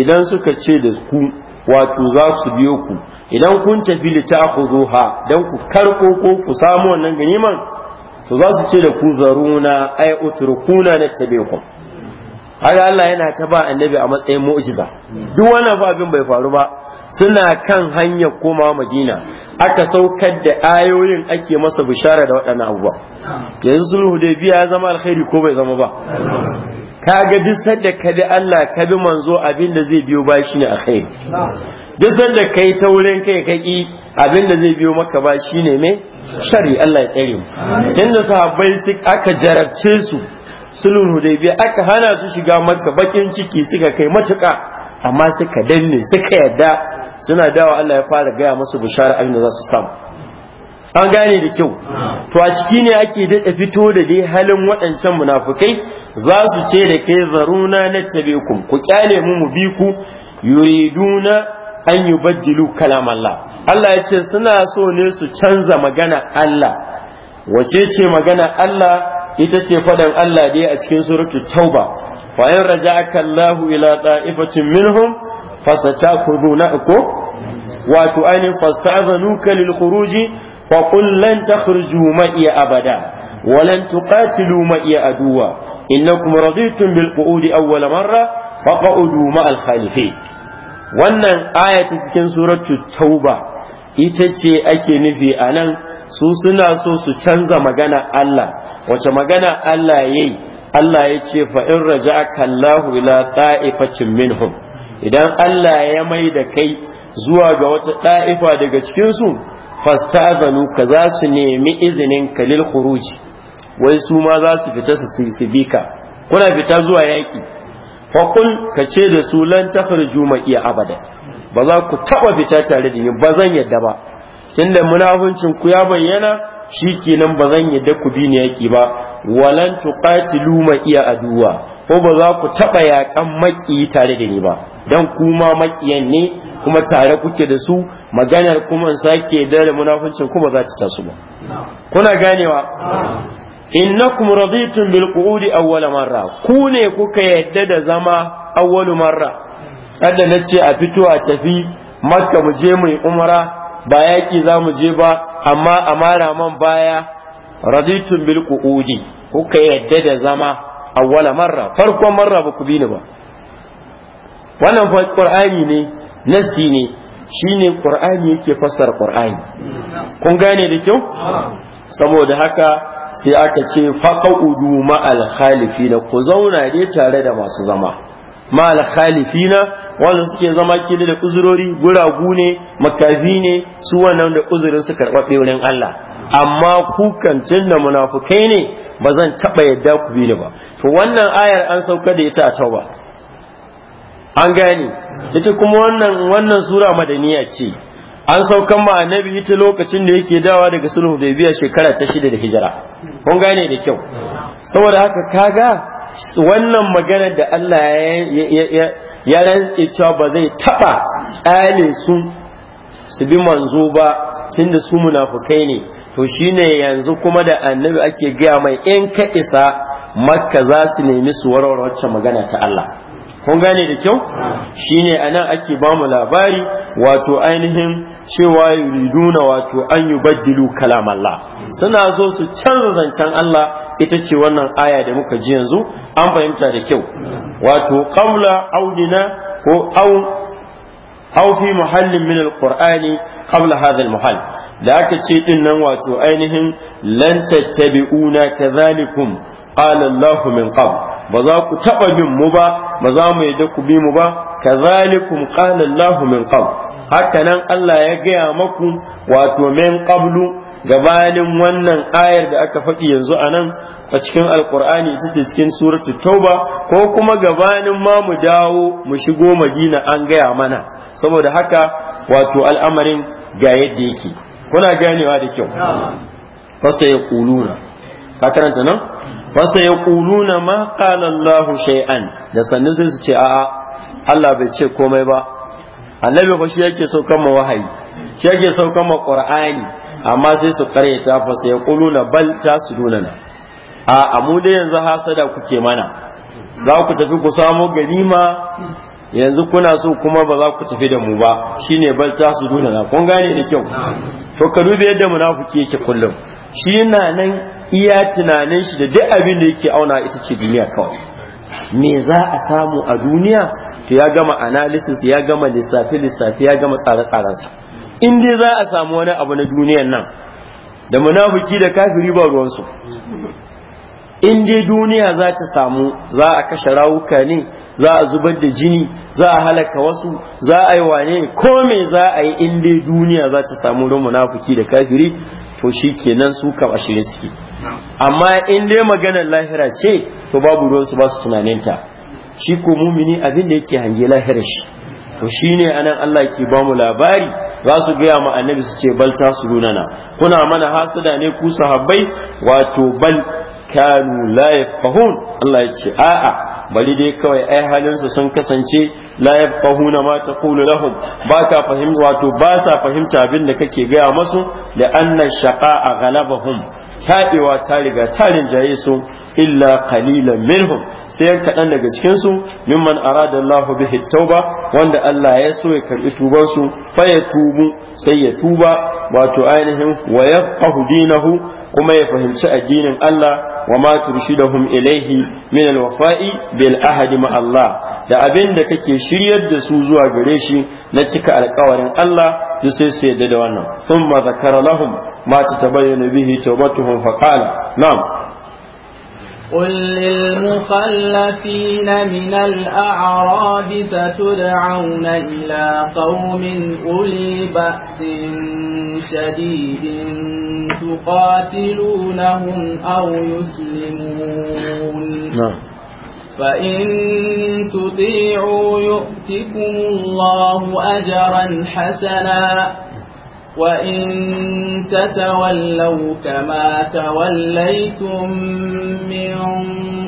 idan suka ce da ku wato za su biyo ku idan kun tafi li zuha don ku karko ko ku samu wannan ganiman to za su ce da ku zaruna ay utrukuna ku haka Allah yana ta ba annabi a matsayin mu'jiza duk wannan babin abin bai faru ba suna kan hanyar koma Madina aka saukar da ayoyin ake masa bishara da waɗannan abubuwa yanzu sulhu da biya ya zama alkhairi ko bai zama ba kaga duk sadda ka bi Allah ka bi manzo abin da zai biyo ba shi ne alkhairi duk sanda kai ta wurin kai ka ki abin da zai biyo maka ba shine mai shari Allah ya tsare mu tunda sahabbai su aka jarabce su sulhu hudaybiya aka hana su shiga maka bakin ciki suka kai matuka amma suka danne suka yadda suna dawo Allah ya fara gaya musu bishara abin da za su samu an gane da kyau to a ciki ne ake daɗa fito da dai halin waɗancan munafukai za su ce da kai zaruna na tabe ku ku kyale mu mu bi ku yuriduna an yi baddilu kalam Allah Allah ya ce suna so ne su canza magana Allah wace ce magana Allah ita ce fadan Allah dai a cikin suratu tauba fa in raja'aka Allah ila ta'ifatin minhum fasatakhuduna ko wato ani fasta'zanuka lil khuruji fa qul lan takhruju abada wa lan tuqatilu ma'iya aduwa innakum raditum bil qu'udi awwal marra faq'udu ma'al khalifin wannan aya ta cikin suratu tauba ita ce ake nufi a nan su suna so su canza magana Allah wace magana Allah ya yi Allah ya ce fa'in raja kallahu ila ta'ifacin minhum idan Allah ya mai da kai zuwa ga wata ɗa'ifa daga cikinsu fastazanu ka za su nemi izinin kalil khuruji wai su ma za su fita su bika, kuna fita zuwa yaki. faƙul ka ce da su lan tafarju ma'iya abada ba za ku taɓa fita tare da ni ba zan yadda ba tunda munafuncin ku ya bayyana shi kenan ba zan yadda ku bi ni yaƙi ba walan tuqatilu ma'iya aduwa ko ba za ku taɓa yaƙan maƙiyi tare da ni ba dan kuma maƙiyan ne kuma tare kuke da su maganar kuma sake da munafuncin ku ba za ta tasu ba kuna ganewa innakum raditum bil qu'udi awwala marra ku ne kuka yadda da zama awwalu marra kada na ce a fito a tafi makka mu je mu umara ba yaki za mu je ba amma a mara man baya raditum bil qu'udi kuka yadda da zama awwala marra farkon marra ba ku bi ni ba wannan fa qur'ani ne nasi ne shine qur'ani yake fassara qur'ani kun gane da kyau saboda haka sai aka ce ma ma'al khalifina ku zauna dai tare da masu zama ma'al khalifina wanda suke zama kila da uzurori guragu ne makafi ne su wannan da uzurin su karɓa wurin Allah amma ku kancin da munafukai ne ba zan taɓa yadda ku bi ni ba to wannan ayar an sauka da ita a tauba an gane ita kuma wannan wannan sura madaniya ce an saukan ma annabi ita lokacin da yake dawa daga sulhu da biya shekara ta shida da hijira kun gane da kyau saboda haka kaga wannan magana da Allah ya rantse cewa ba zai taba tsale su su bi manzo ba tunda su munafukai ne to shine yanzu kuma da annabi ake gaya mai in ka isa makka za su nemi su warware waccan magana ta Allah kun gane da kyau shine anan ake ba mu labari wato ainihin cewa yuriduna wato an baddilu kalam Allah suna so su canza zancen Allah ita ce wannan aya da muka ji yanzu an fahimta da kyau wato qawla audina ko au au fi muhallin min alqur'ani qabla hadha almuhall da aka ce din nan wato ainihin lan tattabi'una kadhalikum qala min qabl ba za ku taba bin mu ba ba za mu yadda ku bi mu ba kazalikum qala min qabl haka nan Allah ya gaya maku wato min qablu gabanin wannan ayar da aka faɗi yanzu anan a cikin Alƙur'ani ita ce cikin suratul tauba ko kuma gabanin ma mu dawo mu shigo madina an gaya mana saboda haka wato al'amarin ga yadda yake kuna ganewa da kyau fasta ya kuluna ka karanta nan wasa kuluna ma qala Allah shay'an da sannu sai su ce a'a Allah bai ce komai ba annabi ba shi yake saukan ma wahayi shi yake saukan ma ƙur'ani. amma sai su karyata fa sai kuluna bal tasuduna a mu da yanzu hasada kuke mana za ku tafi ku samo ganima yanzu kuna so kuma ba za ku tafi da mu ba shine bal tasuduna kun gane da kyau to ka dube yadda munafiki yake kullum shi yana nan iya tunanin shi da duk abin da yake auna ita ce duniya kawai me za a samu a duniya to ya gama analysis ya gama lissafi lissafi ya gama tsare-tsarensa in dai za a samu wani abu na duniyan nan da munafiki da kafiri ba ruwansu in dai duniya za ta samu za a kashe rawuka ne za a zubar da jini za a halaka wasu za a yi wane ko me za a yi in dai duniya za ta samu don munafiki da kafiri to shi kenan su kam ashirin suke amma in dai maganar lahira ce to babu ruwan su ba su tunaninta shi ko mumini abin da yake hange lahirar shi to ne anan Allah ke ba mu labari za su gaya ma annabi su ce bal na. kuna mana hasada ne ku sahabbai wato bal kanu la yafahun Allah ya ce a'a bari dai kawai ai halinsu sun kasance la yafqahuna ma taqulu lahum ba fahimta wato ba sa fahimta abin da kake gaya masu da anna shaqa'a ghalabahum tabewa ta riga tarin jaye su illa qalilan minhum sai yan kaɗan daga cikinsu mimman arada Allah bihi tauba wanda Allah ya so ya karɓi tubansu fa ya tubu sai ya tuba wato ainihin wa yafqahu dinahu kuma ya fahimci addinin Allah wa ma turshidahum ilaihi min alwafa'i bil ahadi ma Allah da abin da kake shiryar da su zuwa gare shi na cika alkawarin Allah duk sai su yadda da wannan thumma zakara lahum ma tatabayyana bihi tawbatuhum faqala na'am قل للمخلفين من الأعراب ستدعون إلى قوم أولي بأس شديد تقاتلونهم أو يسلمون نعم فإن تطيعوا يؤتكم الله أجرا حسنا وإن تتولوا كما توليتم من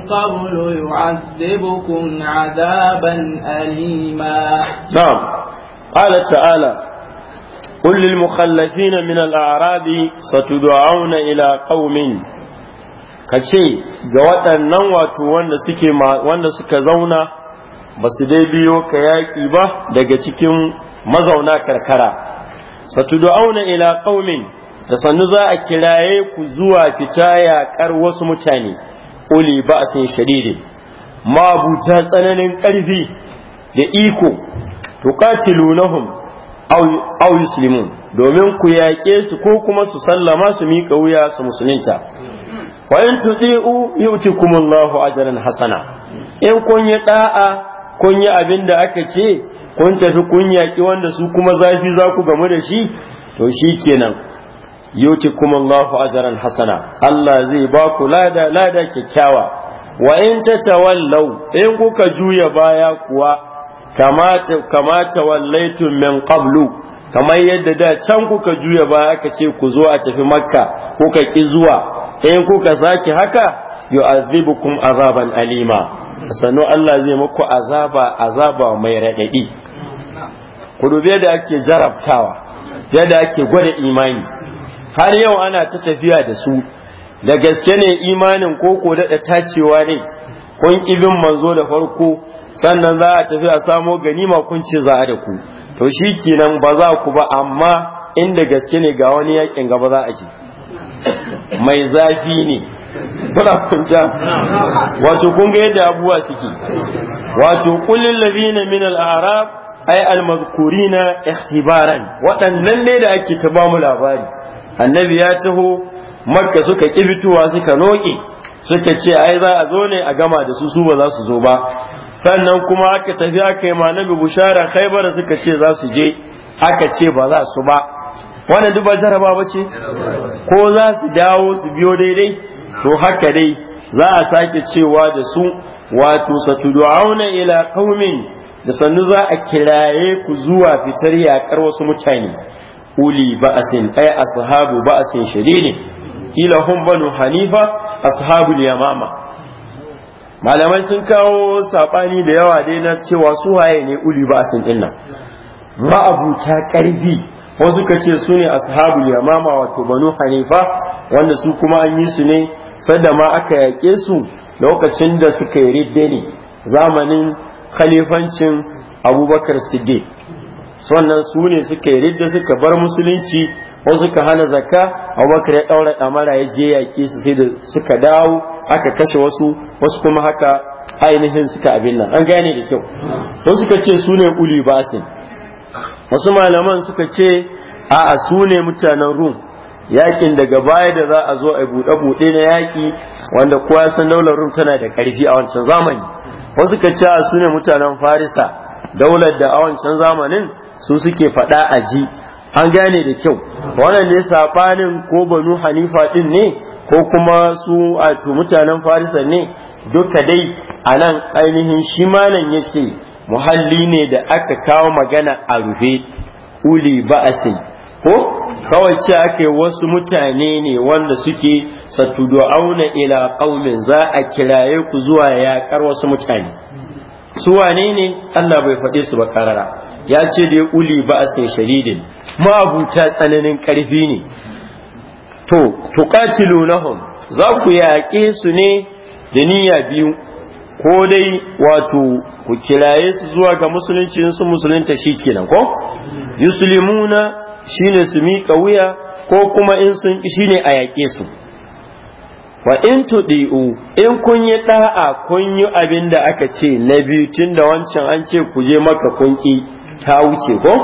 قبل يعذبكم عذابا أليما نعم قال تعالى قل للمخلفين من الأعراب ستدعون إلى قوم kace ga waɗannan wato wanda suka zauna ba su dai biyo ka yaƙi ba daga cikin mazauna karkara satudu'auna ila qaumin da sannu za a kiraye ku zuwa fita yaƙar wasu mutane uli ba'sin shadidi mabuta tsananin ƙarfi da iko tuqatilunahum aw yuslimun domin ku yaƙe su ko kuma su sallama su miƙa wuya su musulunta wa in tudi'u yu'tikumullahu ajran hasana in kun yi da'a kun yi abin da aka ce kun tafi kun yaƙi wanda su kuma zafi za ku gamu da shi to shi kenan yuti kuma Allahu ajran hasana Allah zai ba ku lada lada kyakkyawa wa in ta tawallau in kuka juya baya kuwa kamata kamata wallaitum min qablu kamar yadda da can kuka juya baya aka ce ku zo a tafi makka kuka ki zuwa in kuka saki haka yu'azibukum azaban alima sannu Allah zai muku azaba azaba mai raɗaɗi ku dube da ake jarabtawa yadda ake gwada imani har yau ana ta tafiya da su da gaske ne imanin koko daɗa tacewa ne kun ibin manzo da farko sannan za a tafi a samo ganima kun ce za a da ku to shi kenan ba za ku ba amma inda gaske ne ga wani yakin gaba za a ce mai zafi ne kuna kunja wato kun ga yadda abubuwa suke wato kullin ladina min al-arab ay al-mazkurina ikhtibaran waɗannan ne da ake ta mu labari annabi ya taho makka suka kibituwa suka noƙe suka ce ai za a zo ne a gama da su su ba za su zo ba sannan kuma aka tafi aka yi manabi bushara khaibar suka ce za su je aka ce ba za su ba wannan duk ba jaraba ba ce ko za su dawo su biyo daidai to haka dai za a sake cewa da su wato satud'auna ila qaumin da sannu za a kiraye ku zuwa fitar yakar wasu mutane uli ba'asin ay ashabu ba'asin shadidi ila hum banu hanifa ashabu yamama malamai sun kawo sabani da yawa dai na cewa su waye ne uli ba'asin dinnan ma'abuta karfi wasu ka ce su ne ashabul yamama wato banu hanifa wanda su kuma an yi su ne sadda ma aka yaƙe su lokacin da suka yi ridde ne zamanin khalifancin abubakar Sidi sannan su ne suka yi ridda suka bar musulunci wasu suka hana zakka abubakar ya ɗaura ɗamara ya je yaƙe su sai da suka dawo aka kashe wasu wasu kuma haka ainihin suka abin nan an gane da kyau wasu suka ce su ne uli basin wasu malaman suka ce a'a su ne mutanen rum yakin daga baya da za a zo a buɗe buɗe na yaki wanda kowa ya san daular rum tana da ƙarfi a wancan zamani wasu ka ce su ne mutanen farisa daular da a wancan zamanin su suke faɗa a ji an gane da kyau wannan ne saɓanin ko banu hanifa ɗin ne ko kuma su a mutanen farisa ne duka dai a nan ainihin shi malam ya muhalli ne da aka kawo magana a rufe uli sai ko kawai ce ake wasu mutane ne wanda suke satudu'auna ila ƙaumin za a kiraye ku zuwa yaƙar wasu mutane su wane ne Allah bai faɗe su ba karara ya ce da ya ba a ba'asin sharidin. ma'abuta tsananin ƙarfi ne to tuqatilunahum za ku yaƙe su ne da niyya biyu ko dai wato ku kiraye su zuwa ga musulunci in su musulunta kenan ko yuslimuna shine su miƙa wuya ko kuma in sun shine a yaƙe su wa in tudi'u in kun yi da'a kun yi abin da aka ce na biyu tun da wancan an ce ku je maka kun ta wuce ko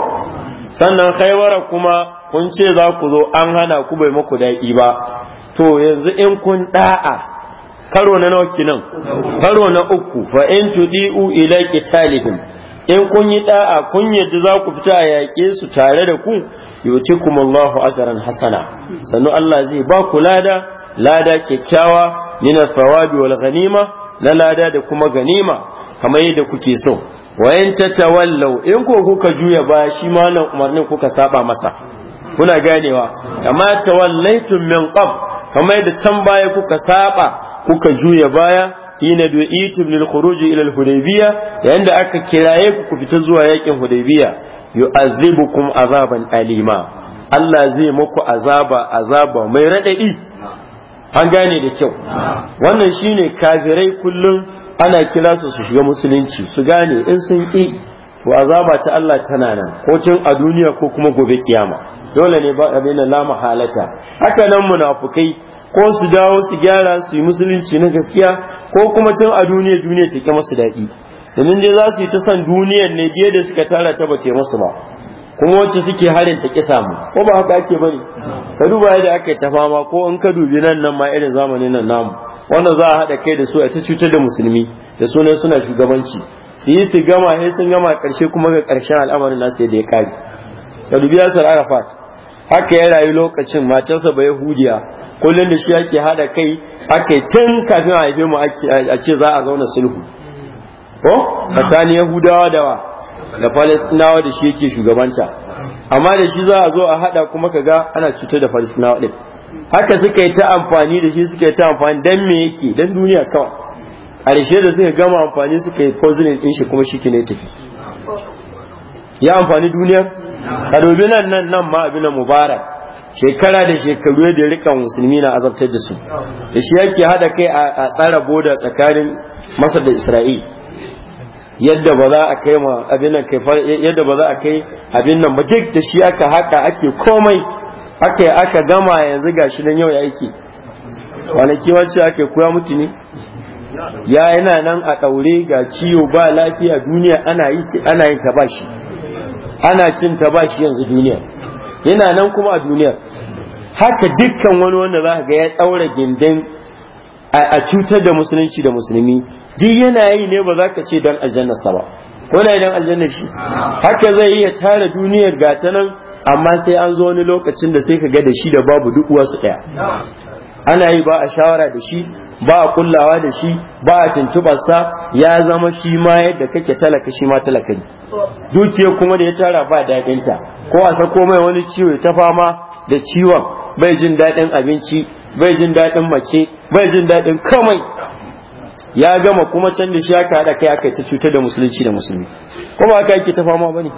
sannan khaiwara kuma kun ce za ku zo an hana ku bai muku daɗi ba to yanzu in kun da'a karo na nawa kinan karo na uku fa in tudiu ila qitalihim in kun yi da'a kun yadda za ku fita a yaƙe su tare da ku yutikumullahu azran hasana sannu Allah zai ba ku lada lada kyakkyawa min thawabi wal ghanima na lada da kuma ganima kamar yadda kuke so wayan tatawallau in ko kuka juya ba shi ma nan umarnin kuka saba masa kuna ganewa kama tawallaitum min qab kamar yadda can baya kuka saba kuka juya baya hina du'itum lil khuruj ila al hudaybiya yayin da aka kiraye ku ku fita zuwa yakin hudaybiya yu'azzibukum azaban alima Allah zai muku azaba azaba mai radadi an gane da kyau wannan shine kafirai kullum ana kira su su shiga musulunci su gane in sun ki to azaba ta Allah tana nan ko tun a duniya ko kuma gobe kiyama dole ne ba abin la mahalata haka nan munafukai ko su dawo su gyara su yi musulunci na gaskiya ko kuma tun a duniya duniya ta ke masu daɗi domin dai za su yi ta san duniyar ne biye da suka tara ta bace masu ba kuma wacce suke harin ta ƙi samu ko ba haka ake bane ka duba yadda aka ta fama ko in ka dubi nan nan ma irin zamanin nan namu wanda za a haɗa kai da su a ta cutar da musulmi da sunan suna shugabanci su yi su gama sai sun gama ƙarshe kuma ga ƙarshen al'amarin nasu yadda ya kare ka dubi yasir arafat haka ya rayu lokacin matarsa ba yahudiya kullum da shi ake hada kai ake tun kafin a haife mu a ce za a zauna sulhu ko tsakanin yahudawa da wa da falastinawa da shi yake shugabanta amma da shi za a zo a hada kuma kaga ana cutar da falastinawa din haka suka yi ta amfani da shi suka yi ta amfani dan me yake dan duniya kawai ƙarshe da suka gama amfani suka yi poisoning din shi kuma shi ne tafi ya amfani duniyar ka dubi nan nan nan ma abin mubarak shekara da shekaru da rikan musulmi na azabtar da su da shi yake hada kai a tsara boda tsakanin masar da isra'il yadda ba za a kai ma abin nan kai yadda ba za a kai abin nan ba duk da shi aka haka ake komai aka aka gama yanzu gashi nan yau ya aiki kwanaki wacce ake kuya mutu ya yana nan a ɗaure ga ciwo ba lafiya duniya ana yi ta ba shi ana cin ta ba shi yanzu duniya yana nan kuma a duniya haka dukkan wani wanda za ga ya ɗaura gindin a cutar da musulunci da musulmi duk yana yi ne ba za ka ce don aljanna sa ba ko na idan aljanna shi haka zai iya tara duniyar gata nan amma sai an zo wani lokacin da sai ka ga da shi da babu duk wasu ɗaya ana yi ba a shawara da shi ba a kullawa da shi ba a tuntubarsa ya zama shi ma yadda kake talaka shi ma talaka ne dukiya kuma da ya tara ba daɗinta ko a sako mai wani ciwo ta fama da ciwon bai jin daɗin abinci bai jin daɗin mace bai jin daɗin kamai ya gama kuma can da shi aka haɗa kai aka ta cutar da musulunci da musulmi ko ba aka yake ta fama ba ne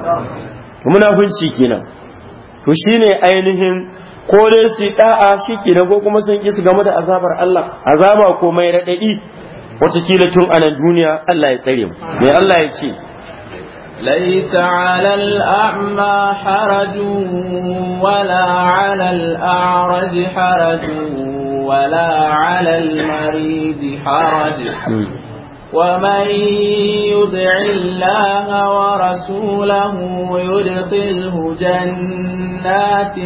munafunci kenan to shine ainihin ko dai su da'a da ko kuma sun ƙi su game da azabar Allah azaba ko mai wata watakila tun a nan duniya Allah ya tsare mu mai Allah ya ce ليس على الأعمى حرج ولا على الأعرج حرج ولا على المريض حرج ومن يطع الله ورسوله يدخله جنات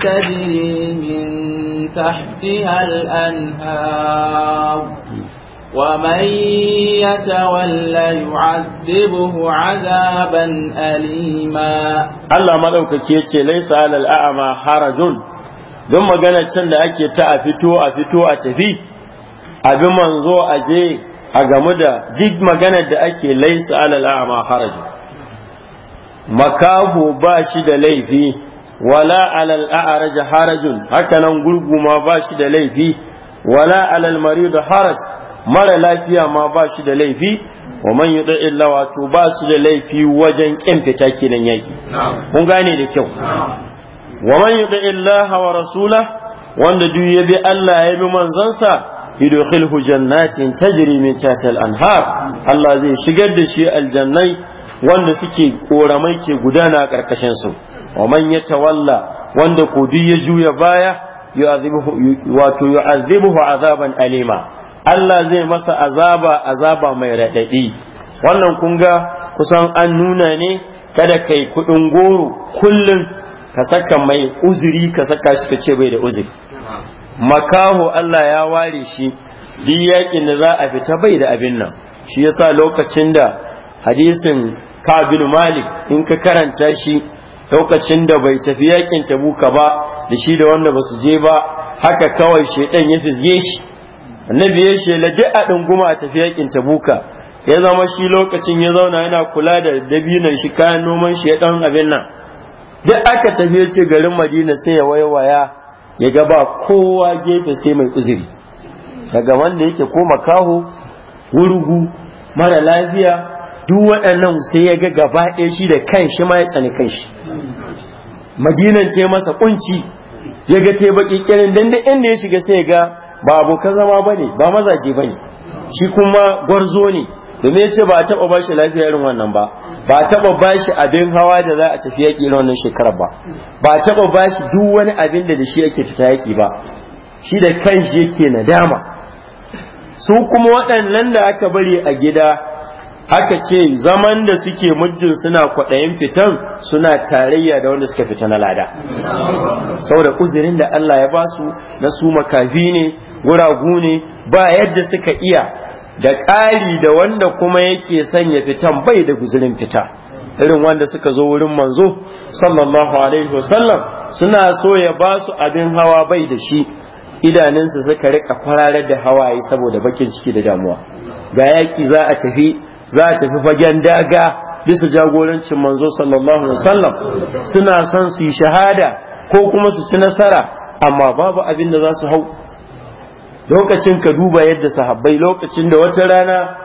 تجري من تحتها الأنهار ومن يتولى يعذبه عذابا أليما الله ملوك كيتي ليس على الأعمى حرج ثم قالت سند أكي تأفتو أفتو أتفي abin manzo aje a game da duk maganar da ake laisa alal a'ma haraj makaho ba shi da laifi wala alal a'raj harajun haka nan gurgu ba shi da laifi wala alal marid haraj mara lafiya ma ba shi da laifi wa man yudda illa wato ba su da laifi wajen kin fita kenan yaki kun gane da kyau wa man yudda illa wa wanda duk ya bi Allah ya bi manzansa yudkhilhu jannatin tajri min tahtiha al-anhar Allah zai shigar da shi aljannai wanda suke koramai ke gudana karkashin su wa man yatawalla wanda ko duk ya juya baya yu'azibuhu wato yu'azibuhu azaban alima Allah zai masa azaba azaba mai radadi wannan kun ga kusan an nuna ne kada kai kudin goro kullun ka saka mai uzuri ka saka shi ka ce bai da uzuri makaho Allah ya ware shi duk yakin da za a fita bai da abin nan shi yasa lokacin da hadisin kabin malik in ka karanta shi lokacin da bai tafi yakin tabuka ba da shi da wanda ba su je ba haka kawai shaidan ya fizge shi annabi ya shela duk a ɗunguma a tafi yakin tabuka ya zama shi lokacin ya zauna yana kula da dabinan shi kayan noman shi ya ɗan abin nan duk aka tafi ya ce garin madina sai ya waiwaya ya ga ba kowa gefe sai mai uzuri daga wanda yake ko makaho wurugu mara lafiya duk waɗannan sai ya ga gaba ɗaya shi da kan shi ma ya tsani kan shi madinan ce masa kunci ya ga ce baki kirin dan da inda ya shiga sai ya ga ba abokan zama bane ba mazaje bane shi kuma gwarzo ne domin ce ba a taba ba shi lafiya irin wannan ba ba a taba ba shi abin hawa da za a tafi yaki irin wannan shekarar ba ba a taba ba shi duk wani abin da da shi yake fita yaki ba shi da kan shi yake nadama su kuma waɗannan da aka bari a gida aka ce zaman da suke muddin suna kwaɗayin fitan suna tarayya da wanda suka fita na lada saboda uzurin da Allah ya ba su na su makafi ne guragu ne ba yadda suka iya da ƙari da wanda kuma yake sanya fitan bai da guzurin fita irin wanda suka zo wurin manzo sallallahu alaihi wasallam suna so ya ba su abin hawa bai da shi idanunsa suka rika kwararar da hawaye saboda bakin ciki da damuwa ga yaki za a tafi za a tafi fagen daga bisa jagorancin manzo sallallahu alaihi wasallam suna son su yi shahada ko kuma su ci nasara amma babu abin da za su hau lokacin ka duba yadda sahabbai lokacin da wata rana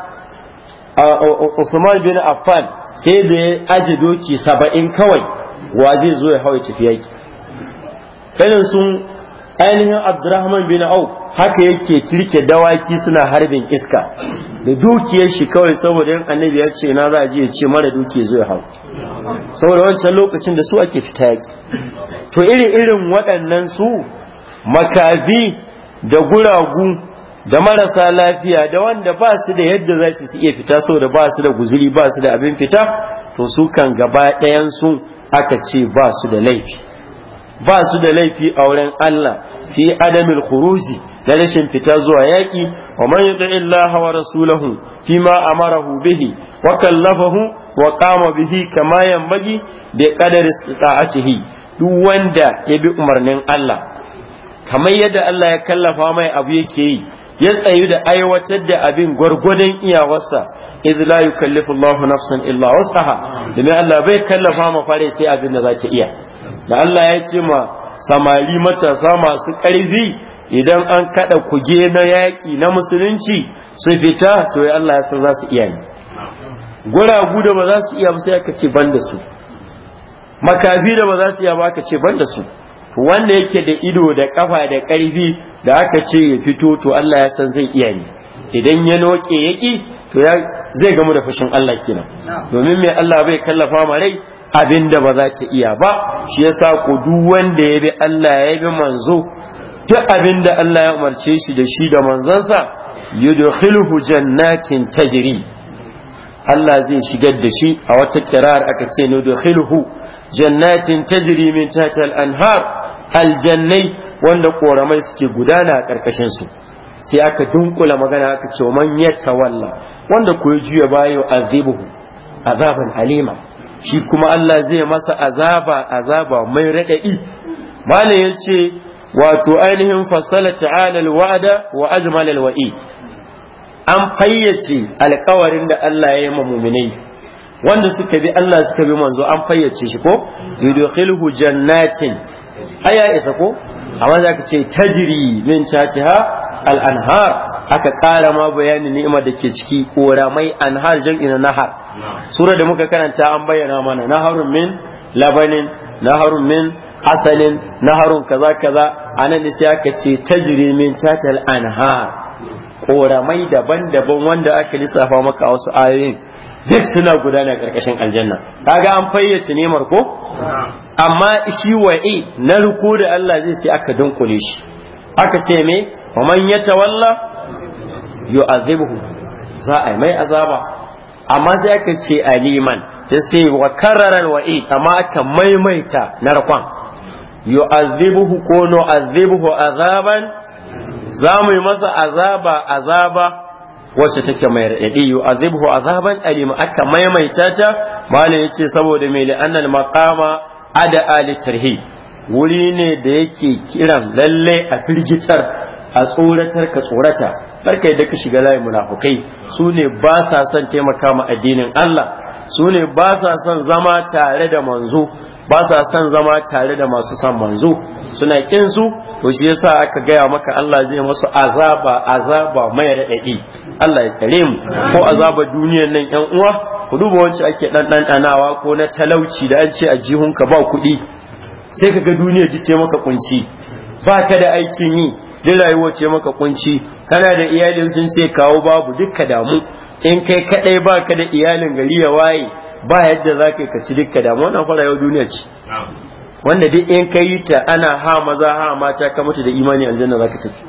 Usman bin Affan sai da ya aje doki saba'in kawai wa zai zo ya hawa tafi yaki kanin sun ainihin Abdurrahman bin Auf haka yake kirke dawaki suna harbin iska da dukiyar shi kawai saboda yan annabi ya ce na za a je ya ce mara duki zai hau saboda wancan lokacin da su ake fita yaki to iri irin waɗannan su makafi da guragu da marasa lafiya da wanda ba su da yadda za su iya fita saboda ba su da guzuri ba su da abin fita to su kan gaba ɗayan su aka ce ba su da laifi ba su da laifi a wurin Allah fi adamil khuruji da rashin fita zuwa yaƙi wa man yuti Allah wa rasulahu fi ma amarahu bihi wa kallafahu wa qama bihi kama yanbaghi bi qadari istita'atihi duk wanda ya bi umarnin Allah kamar yadda Allah ya kallafa mai abu yake yi ya tsayu da aiwatar da abin gwargwadon iyawarsa idh la yukallifu Allahu nafsan illa wasaha domin Allah bai kallafa ma fare sai abin da za iya da Allah ya ce ma samari matasa masu ƙarfi idan an kada kuge na yaƙi na musulunci su fita to ya Allah ya san za su iya ne guragu da ba za su iya ba sai aka ce ban da su makafi da ba za su iya ba aka ce ban da su wanda yake da ido da kafa da ƙarfi da aka ce ya fito to Allah ya san zai iya ni, idan ya noke ya ki to ya zai gamu da fushin Allah kenan domin mai Allah bai kallafa ma rai abinda da ba za ta iya ba shi yasa ku duk wanda ya bi Allah ya bi manzo duk abinda Allah ya umarce shi da shi da manzansa yudkhiluhu jannatin tajri Allah zai shigar da shi a wata kirar aka ce yudkhiluhu jannatin tajri min tahtal anhar aljannai wanda koramai suke gudana a ƙarƙashin su sai aka dunkula magana aka ce man ya tawalla wanda ko ya juya bayo azibuhu azaban alima shi kuma Allah zai masa azaba azaba mai raɗaɗi malam yace wato ainihin fasala ta'ala alwa'da wa ajmal alwa'i an fayyace alkawarin da Allah ya yi ma muminai wanda suka bi Allah suka bi manzo an fayyace shi ko yudkhiluhu jannatin Haya ya isa ko amma za ka ce tajiri min catiha al aka ƙara ma bayanin ni'imar da ke ciki koramai anhar jan ina nahar sura da muka karanta an bayyana mana naharun min labanin naharun min asalin naharun kaza kaza anan ne sai aka ce tajiri min catiha anhar daban-daban wanda aka lissafa maka a wasu ayoyin duk suna gudana ƙarƙashin aljanna kaga an fayyace nemar ko amma shi wa'i na ruku da Allah zai sai aka dunkule shi aka ce me wa man yatawalla yu'adhibuhu za a mai azaba amma sai aka ce aliman sai sai wa karara wa'i amma aka maimaita narkon yu'adhibuhu ko nu'adhibuhu azaban za mu yi masa azaba azaba wacce take mai raɗaɗi azibhu azaban alim aka maimaita ta malam yace saboda mai li'annal maqama ada alitarhi wuri ne da yake kiran lalle a firgitar a tsoratar ka tsorata barkai da ka shiga layi munafukai su ne ba sa son taimaka ma addinin Allah su ne ba sa son zama tare da manzo ba sa son zama tare da masu son manzo suna kin su to shi yasa aka gaya maka Allah zai masu azaba azaba mai raɗaɗi Allah ya tsare mu ko azaba duniyar nan yan uwa ku duba wacce ake dan ko na talauci da an ce a ka ba kuɗi sai kaga ga duniyar maka kunci ba ka da aikin yi da rayuwar ce maka kunci kana da iyalin sun ce kawo babu dukka damu in kai kadai baka da iyalin gari ya waye ba yadda za ka ci dukka damu wannan fara yau duniya ce wanda duk in ka yi ta ana ha maza ha mata ka mutu da imani aljanna za ka tafi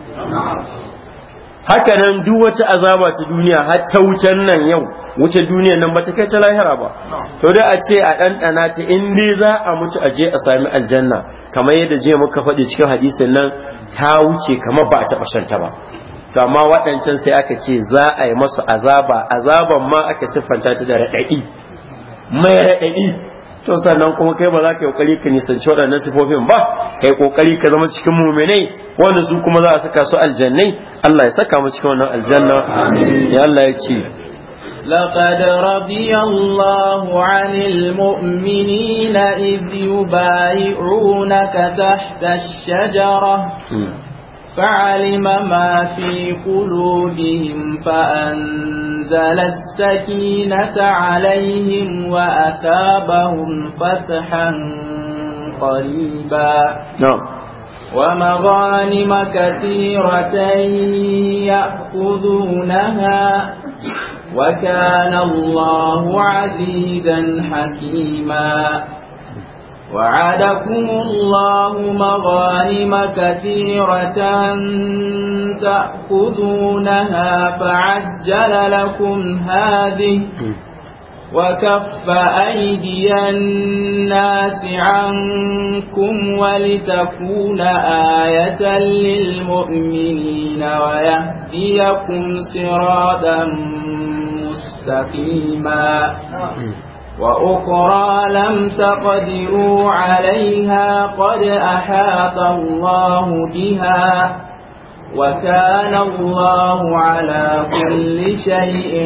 Hakanan duk wata azaba ta duniya har ta wutan nan yau wuce duniya nan ba ta kai ta lahira ba to da a ce a ɗanɗana ta in dai za a mutu a je a sami aljanna kamar yadda je muka faɗi cikin hadisin nan ta wuce kamar ba a taɓa shanta ba to amma waɗancan sai aka ce za a yi masu azaba azaban ma aka siffanta ta da raɗaɗi mai raɗaɗi to sannan kuma kai ba za ka yi ƙoƙari ka nisanci waɗannan sifofin ba kai ƙoƙari ka zama cikin muminai wanda su kuma za a saka su aljannai Allah ya saka mu cikin wannan aljanna ya Allah ya ce لقد رضي الله عن المؤمنين إذ يبايعونك تحت الشجرة فعلم ما في قلوبهم فأنزل السكينة عليهم وأثابهم فتحا قريبا نعم ومغانم كثيرة يأخذونها وكان الله عزيزا حكيما وعدكم الله مغانم كثيرة تأخذونها فعجل لكم هذه وكف أيدي الناس عنكم ولتكون آية للمؤمنين ويهديكم صراطا مستقيما وأخرى لم تقدروا عليها قد أحاط الله بها وكان الله على كل شيء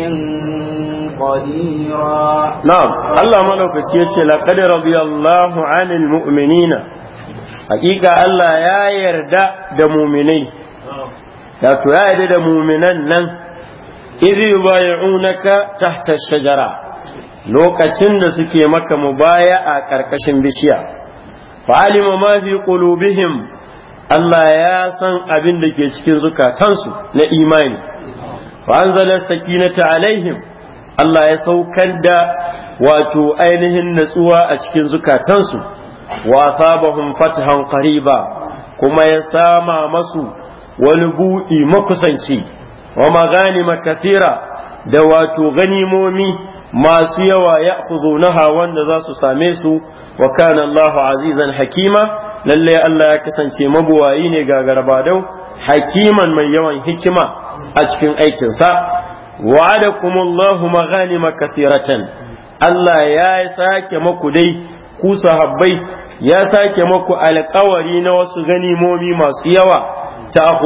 قديرا نعم الله ملوك تيتي لقد رضي الله عن المؤمنين حقيقة الله يا يردى دمومنين لا يا يردى دمومنين إذ يبايعونك تحت الشجرة lokacin da suke maka mubaya a ƙarƙashin bishiya fa'alima ma fi qulubihim Allah ya san abin da ke cikin zukatansu na imani fa'anzala sakinata alaihim Allah ya saukar da wato ainihin natsuwa a cikin zukatansu wa sabahum fathan qariba kuma ya sama masu wani bu'i makusanci wa maganima kasira da wato ganimomi masu yawa ya hawan wanda za su same su wa kana azizan hakima lalle Allah ya kasance mabuwayi ne ga garbadau hakiman mai yawan hikima a cikin aikinsa wa'adakumullahu maghanima kasiratan Allah ya sake maku dai ku sahabbai ya sake maku alƙawari na wasu ganimomi masu yawa ta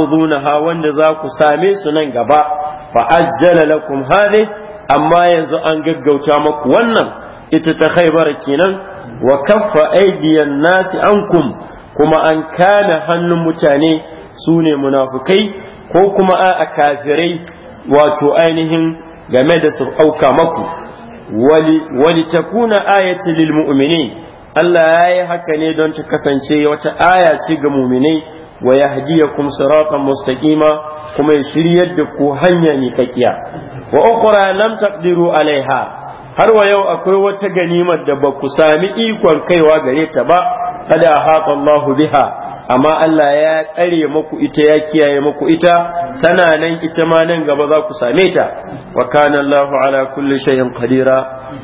hawan wanda za ku same su nan gaba fa ajjala lakum hadhihi amma yanzu an gaggauta maku wannan ita ta khaibar kenan wa kaffa aidiyan nasi ankum kuma an kana hannun mutane sune munafukai ko kuma a kafirai wato ainihin game da su auka maku wali takuna ayati lil mu'mini Allah ya yi haka ne don ta kasance wata aya ce ga muminai wa yahdiyakum siratan mustaqima kuma ya shiryar da ku hanya miƙaƙiya wa ukhra lam taqdiru alaiha har wa yau akwai wata ganimar da ba ku sami ikon kaiwa gare ta ba kada haqa Allahu biha amma Allah ya tsare muku ita ya kiyaye muku ita tana nan ita ma nan gaba za ku same ta wa kana Allahu ala kulli shay'in qadira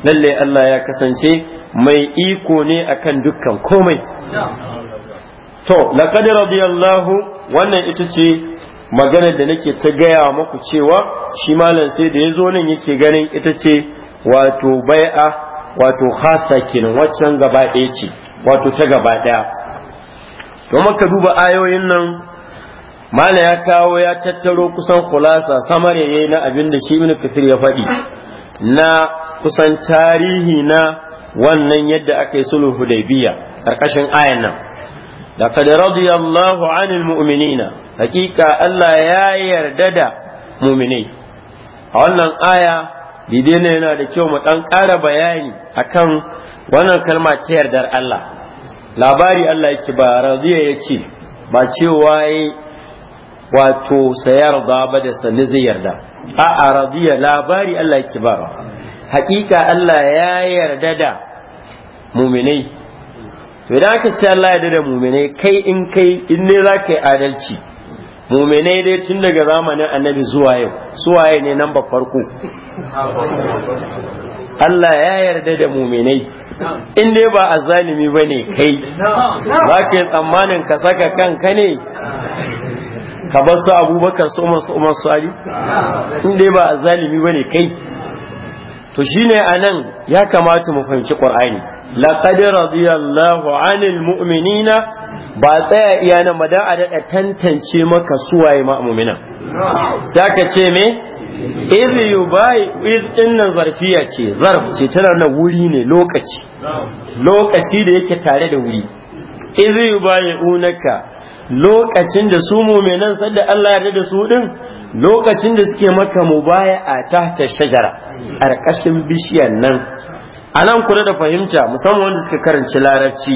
lalle Allah ya kasance mai iko ne akan dukkan komai to laqad radiyallahu wannan ita ce maganar da nake ta gaya muku cewa shi malam sai da ya zo nan yake ganin ita ce wato bai'a wato khasa kenan waccan gaba ɗaya ce wato ta gaba ɗaya to muka duba ayoyin nan malam ya kawo ya tattaro kusan khulasa samare yayi na abin da shi ibn kafir ya faɗi na kusan tarihi na wannan yadda aka yi sulhu hudaybiya karkashin ayan nan laqad radiyallahu 'anil mu'minina hakika Allah ya yarda da mu'minai a wannan aya dide yana da kyau mu ɗan ƙara bayani akan wannan kalma ta yardar Allah labari Allah yake ba radiya yace ba cewa wato sayarda ba da sanni zai yarda a a radiya labari Allah yake ba hakika Allah ya yarda da mu'minai to idan aka ce Allah ya da muminai kai in kai in ne za ka yi adalci muminai dai tun daga zamanin annabi zuwa yau yau ne nan farko Allah ya yarda da muminai in dai ba a zalimi ba ne kai za ka yi tsammanin ka saka kanka ne ka bar su abubakar su umar su umar in dai ba a zalimi ba ne kai to shine a nan ya kamata mu fahimci ƙwar'ani laqad radiyallahu anil mu'minina ba tsaya iya nan ba dan a daɗa tantance maka suwaye ma mu'minan zaka ce me iz yubai iz innan zarfiya ce zarf ce tana na wuri ne lokaci lokaci da yake tare da wuri iz yubai unaka lokacin da su mu'minan sanda Allah ya da su din lokacin da suke maka mubaya'a ta shajara a ƙarƙashin bishiyar nan a nan kula da fahimta musamman wanda suka karanci larabci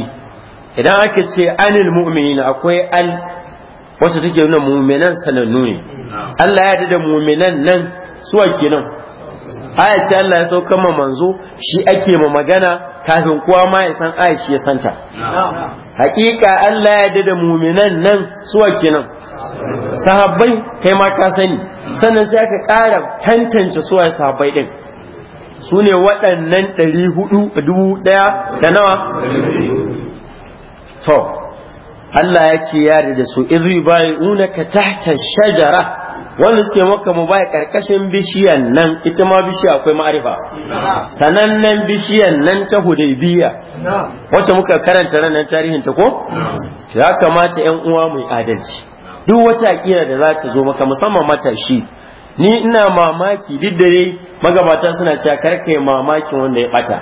idan aka ce anil mu'minin akwai an wasu take nuna mu'minan sanannu ne Allah ya da mu'minan nan suwa kenan aya ce Allah ya sauka ma manzo shi ake ma magana kafin kowa ma ya san aya shi ya santa hakika Allah ya yarda da mu'minan nan suwa kenan sahabbai kai ma ka sani sannan sai aka ƙara tantance suwa sahabbai din su ne waɗannan ɗari hudu dubu ɗaya da nawa to Allah ya ce yare da su iri bayi ka tahta shajara wanda suke maka mu bai karkashin bishiyan nan ita ma bishiya akwai ma'arifa sanannen bishiyan nan ta hudaybiya wacce muka karanta nan tarihin ta ko ya kamata yan uwa mu adalci duk wata ƙira da za ta zo maka musamman matashi ni ina mamaki duk dare magabata suna cewa kar kai mamakin wanda ya bata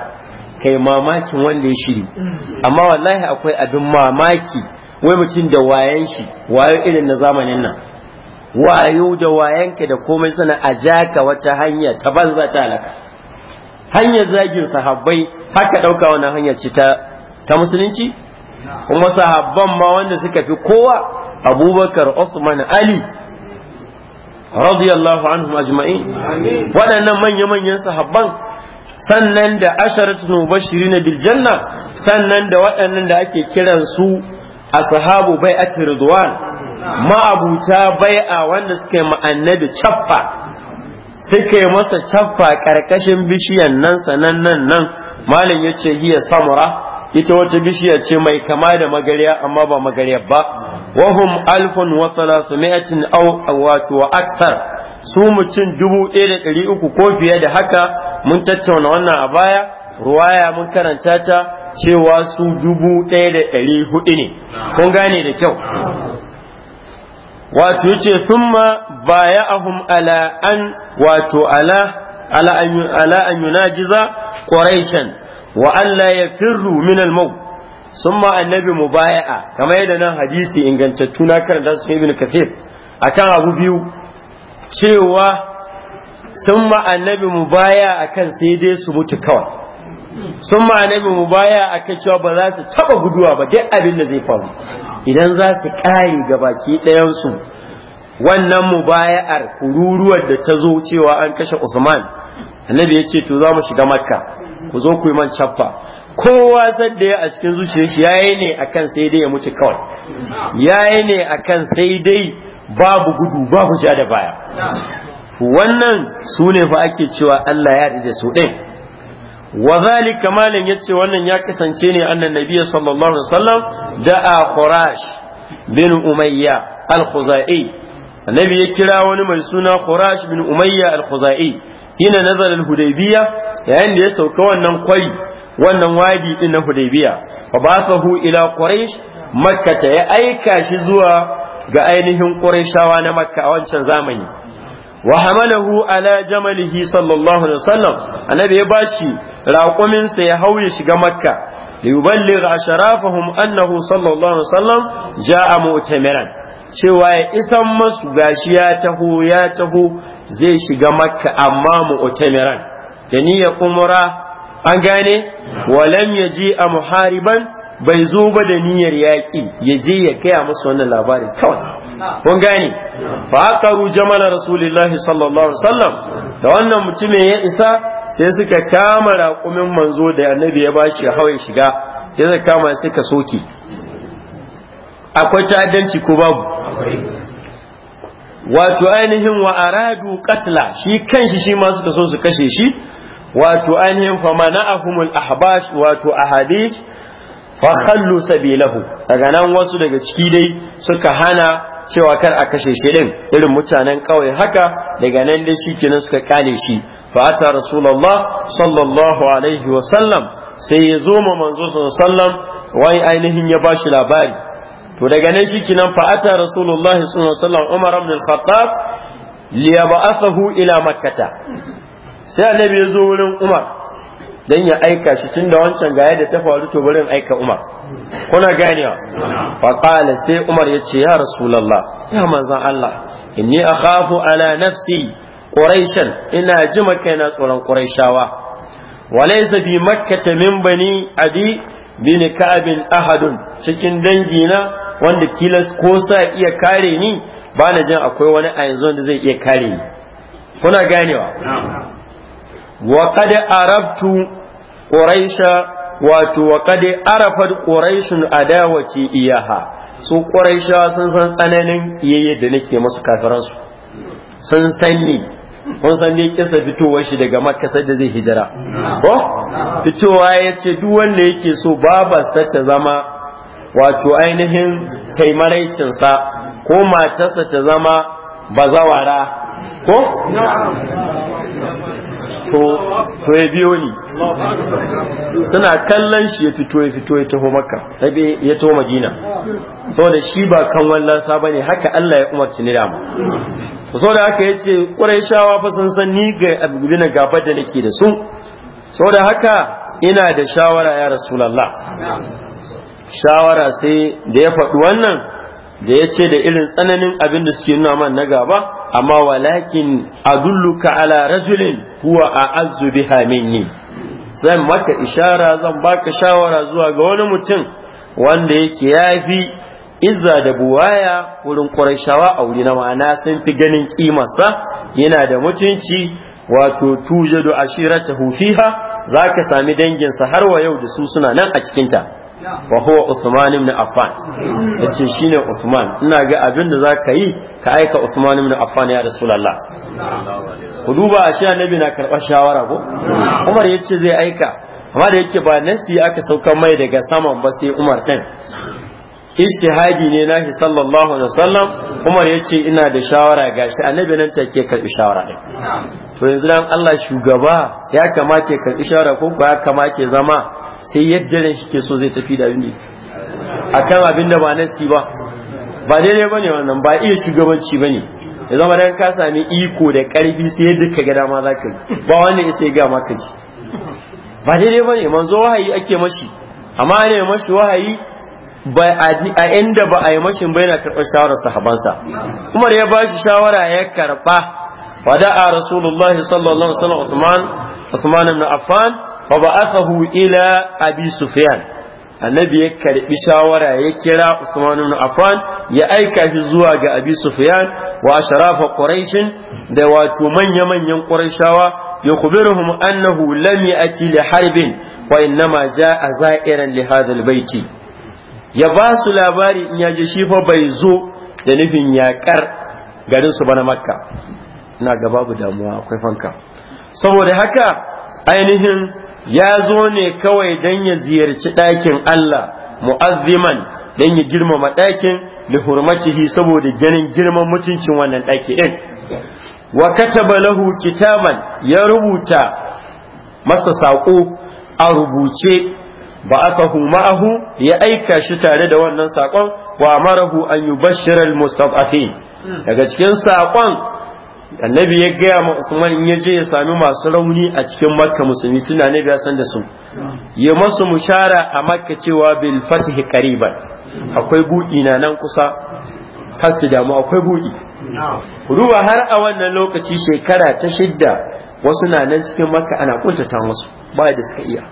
kai mamakin wanda ya shiri amma wallahi akwai abin mamaki wai mutum da wayan shi wayo irin na zamanin nan wayo da wayanka da komai suna ajaka wata hanya ta banza ta alaka hanyar zagin sahabbai haka ɗauka wannan hanya ce ta ta musulunci kuma sahabban ma wanda suka fi kowa abubakar usman ali radiyallahu anhum ajma'in waɗannan manya-manyan sahabban sannan da asharatu mubashirina bil janna sannan da waɗannan da ake kiran su ashabu bai'at ridwan ma'abuta a wanda suka yi annabi chaffa suka masa chaffa karkashin bishiyan nan sanan nan nan malam yace hiya samura ita wata bishiya ce mai kama da magarya amma ba magariya ba wahum alfun wa salasumi'atin aw wato wa akthar su mutum dubu ɗaya da ɗari uku ko fiye da haka mun tattauna wannan a baya ruwaya mun karanta ta cewa su dubu ɗaya da ɗari hudu ne kun gane da kyau wato yace summa baya'ahum ala an wato ala ala an ala an wa ya firru min al-maut summa annabi mubaya'a kamar yadda nan hadisi ingantattu na karanta su ibn kafir akan abu biyu cewa summa annabi mubaya akan sai dai su mutu kawai summa annabi mubaya akan cewa ba za su taba guduwa ba duk abin da zai faru idan za su kare gabaki ɗayan su wannan mubaya'ar kururuwar da ta zo cewa an kashe Usman annabi ya ce to za mu shiga makka ku zo ku yi man cappa kowa san da ya a cikin zuciyar shi yayi ne akan sai dai ya mutu kawai yayi ne akan sai dai babu gudu babu ja da baya wannan sune fa ake cewa Allah ya su ɗin wa zalika ya yace wannan ya kasance ne annan nabiyyi sallallahu alaihi wasallam da'a khurash bin umayya al-khuzai annabi ya kira wani mai suna khurash bin umayya al-khuzai ina nazarin hudaybiya yayin da ya sauka wannan kwai wannan wadi din na hudaybiya fa basahu ila quraish makka ya aika shi zuwa ga ainihin qurayshawa na makka a wancan zamani wa hamalahu ala jamalihi sallallahu alaihi wasallam annabi ya bashi raƙumin sa ya hauye shiga makka liyuballigha asharafahum annahu sallallahu alaihi wasallam ja'a mu'tamiran cewa ya isan masu gashi ya taho ya taho zai shiga makka amma mu utamiran da ya umra an gane walam ya ji a muhariban bai zo ba da niyyar yaƙi ya je ya gaya masu wannan labarin kawai kun gane fa aqaru jamala rasulullahi sallallahu alaihi wasallam da wannan mutumin ya isa sai suka kama raƙumin manzo da annabi ya bashi ya shiga sai suka kama suka soke akwai ta'addanci ko babu wato ainihin wa aradu katla shi kanshi shi ma suka so su kashe shi wato ainihin fa mana'ahumul ahbash wato ahadith fa khallu sabilahu daga nan wasu daga ciki dai suka hana cewa kar a kashe shi din irin mutanen kawai haka daga nan dai shikenan suka kale shi fa ata rasulullah sallallahu alaihi wa sallam sai ya zo ma manzo sallallahu alaihi wa sallam wai ainihin ya bashi labari to daga nan shi fa ata rasulullah sallallahu alaihi umar ibn al-khattab liyab'athahu ila Makkata. sai annabi ya zo wurin umar dan ya aika shi tunda wancan ga yadda ta faru to bari aika umar kuna ganewa fa qala sai umar ya ce ya rasulullah ya manzon Allah inni akhafu ala nafsi quraishan ina jima kaina tsoron quraishawa walaysa bi makkata min bani adi bin ka'ab ahadun cikin dangina wanda kilas ko sa iya kare ni ba na jin akwai wani a yanzu wanda zai iya kare ni kuna ganewa wa qad arabtu quraisha wato wa qad arafat quraishun adawati iyaha su quraisha sun san tsananin kiyayye da nake musu su sun san ni kun san ne kisa fitowar shi daga makka da zai hijira ko fitowa ya ce duk wanda yake so babar ta zama wato ainihin taimaraicinsa ko matarsa ta zama bazawara ko? to ya biyo ni suna kallon shi ya fito ya fito ya taho makka ya taho madina saboda shi ba kan wallansa ba ne haka Allah ya umarci ni dama da haka yace ce shawa fa san san ni ga abubuwan gabar da nake da su saboda haka ina da shawara ya Rasulullah shawara sai da ya faɗi wannan da ya ce da irin tsananin abin da suke nuna man na gaba amma walakin adulluka ala rajulin huwa a azu biha minni zan maka ishara zan baka shawara zuwa ga wani mutum wanda yake yafi izza da buwaya wurin ƙurashawa a wuri na ma'ana sun fi ganin ƙimarsa yana da mutunci wato tujadu ashiratahu fiha zaka sami danginsa har wa yau da su suna nan a cikinta wa huwa Usman ibn Affan yace shine Usman ina ga abin da zaka yi ka aika Usman ibn Affan ya Rasulullah ku duba a annabi na karɓar shawara ko Umar yace zai aika amma da yake ba nasi aka sauka mai daga saman ba sai Umar din ishtihadi ne nahi sallallahu alaihi wasallam Umar yace ina da shawara gashi annabi nan take karbi shawara din to yanzu dan Allah shugaba ya kamata ya karbi shawara ko ba ya kamata zama sai yadda ran shi ke so zai tafi da abin kan abin da ba nasi ba ba daidai ba ne wannan ba iya shugabanci ne. ya zama dan ka sami iko da karfi sai yadda ka ga dama ka yi ba isa ya ga maka ji ba daidai ba ne manzo wahayi ake mashi amma ne mashi wahayi a inda ba a yi mashin ba yana karɓar shawarar sahabansa umar ya ba shi shawara ya karɓa a rasulullahi sallallahu alaihi wasallam Usman Usman ibn Affan fa ba'athahu ila abi sufyan annabi ya karbi shawara ya kira Usman ibn Affan ya aika shi zuwa ga Abi Sufyan wa sharafa Quraysh da wato manya-manyan Qurayshawa ya kubiruhum annahu lam ya'ti li harbin wa innama ja'a za'iran li hadha baiti ya ba su labari in ya ji shi fa bai zo da nufin yaƙar garin su bana Makka ina ga babu damuwa akwai fanka saboda haka ainihin ya zo ne kawai don ya ziyarci ɗakin Allah mu'azziman don ya girmama ɗakin da saboda ganin girman mutuncin wannan ɗaki ɗin wa kataba lahu kitaban ya rubuta masa saƙo a rubuce ba aka ma'ahu ya aika shi tare da wannan saƙon wa marahu an yi bashirar hmm. daga cikin saƙon annabi ya gaya ma Usman in ya je ya sami masu rauni a cikin makka musulmi tuna ne ya san da su ya masu mushara a makka cewa bil fatih qariban akwai buɗi na nan kusa kasu mu akwai buɗi ruwa har a wannan lokaci shekara ta shidda wasu na nan cikin makka ana kuntata musu ba da suka iya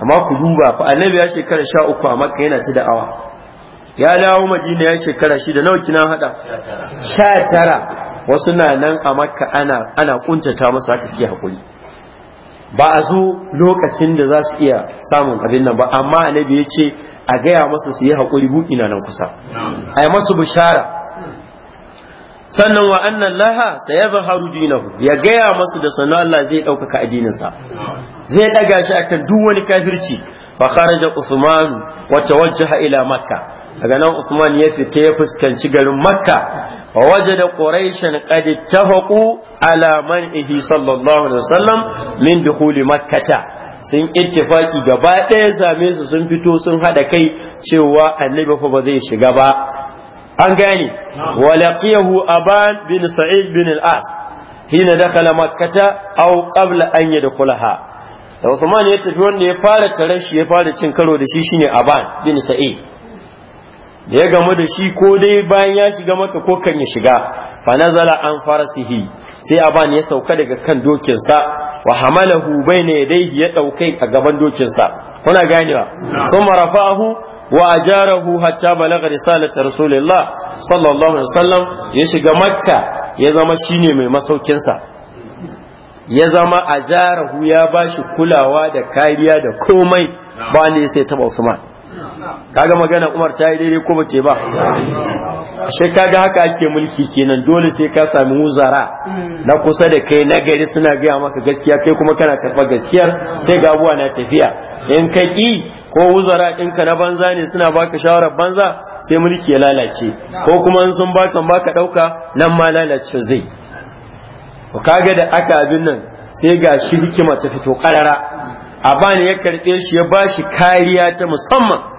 amma ku duba fa annabi ya shekara sha uku a makka yana ta da'awa ya dawo madina ya shekara shida nawa kina hada sha tara wasu na nan a makka ana ana kuntata masu haka suke hakuri ba a zo lokacin da za su iya samun abin nan ba amma annabi ya ce a gaya masa su yi hakuri buki na nan kusa a yi masu bishara sannan wa annan laha dina dinahu ya gaya masu da sanan Allah zai ɗaukaka addininsa zai ɗaga shi akan duk wani kafirci fa kharaja Usman wa tawajjaha ila Makka daga nan Usman ya fita ya fuskanci garin Makka ووجد قريشا قد اتفقوا على منعه صلى الله عليه وسلم من دخول مكة sun ittifaki gaba ɗaya same su sun fito sun haɗa kai cewa annabi fa ba zai shiga ba an gane walaqiyahu aban bin sa'id bin al-as hina dakala makkata au qabla an yadkhulaha da Usman ya tafi wanda ya fara tare shi ya fara cin karo da shi shine aban bin sa'id da ya gamu da shi ko dai bayan ya shiga maka ko kan ya shiga fa nazala an farasihi sai aban ya sauka daga kan dokinsa wa hamalahu bayna yadayhi ya daukai a gaban dokinsa kuna ganewa Kuma rafa'ahu wa ajarahu hatta balagha risalata rasulillah sallallahu alaihi wasallam ya shiga makka ya zama shine mai masaukin sa ya zama ajarahu ya bashi kulawa da kariya da komai ba ne sai taba Usman kaga magana Umar ta yi daidai ko ba ce ba ashe kaga haka ake mulki kenan dole sai ka sami wuzara na kusa da kai na gari suna gaya maka gaskiya kai kuma kana karɓar gaskiyar sai ga abuwa na tafiya in ka ƙi ko wuzara ka na banza ne suna baka shawarar banza sai mulki ya lalace ko kuma in sun baka baka ɗauka nan ma lalace zai kaga da aka abin nan sai ga shi hikima ta fito ƙarara a bani ya karɓe shi ya bashi kariya ta musamman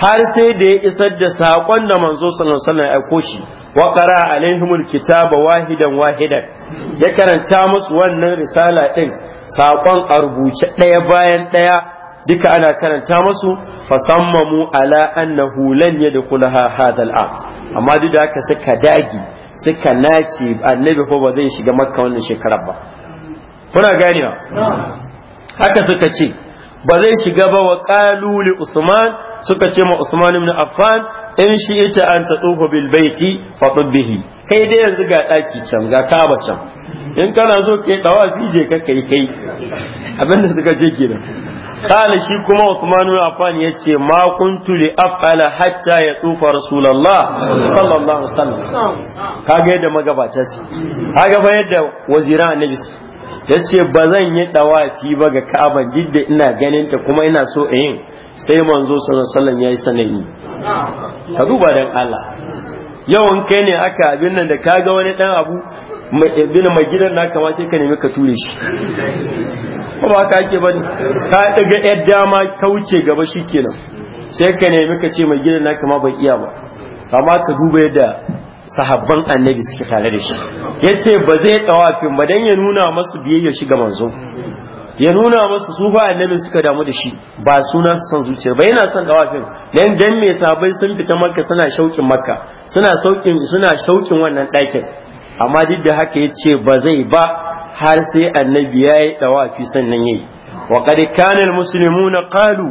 har sai da ya isar da saƙon da manzo sallallahu alaihi ya aiko shi wa qara alaihimul kitaba wahidan wahidan ya karanta musu wannan risala din saƙon a rubuce ɗaya bayan ɗaya duka ana karanta musu fasammamu ala annahu lan yadkhulaha hadal am amma duk da haka suka dagi suka nace annabi ko ba zai shiga makka wannan shekarar ba kuna gani ganewa haka suka ce ba zai shiga ba wa qalu li usman suka ce ma usman ibn affan in shi ita an tsofa bil baiti fa tubbihi kai dai yanzu ga daki can ga kaba can in kana so kai dawa fije ka kai kai abinda suka ce kenan قال shi kuma Usman ibn Affan yace ma kuntu li Af'ala, hatta ya tsufa rasulullah sallallahu alaihi wasallam كاga yadda magabata su kaga fa yadda waziran annabi ya ce ba zan yi dawafi ba ga ka'aban jidda ina ganin ta kuma ina so a yin sai manzo sallallahu ya yi sanayi ka duba dan Allah yawan kai ne aka abin nan da kaga ga wani dan abu bin mai gidan naka ma sai ka nemi ka ture shi ko ba ka ake bane ka daga yar dama ka wuce gaba shikenan sai ka nemi ka ce mai gidan naka ma bai iya ba amma ka duba yadda sahabban annabi suke tare da shi yace ba zai tawafin ba dan ya nuna masu biyayya shi ga manzo ya nuna masu su annabi suka damu da shi ba suna su san zuciya ba yana son tawafin dan dan me sabai sun fita makka suna shaukin makka suna saukin suna shaukin wannan ɗakin amma duk da haka yace ba zai ba har sai annabi ya yi tawafi sannan yayi wa qad kana almuslimuna qalu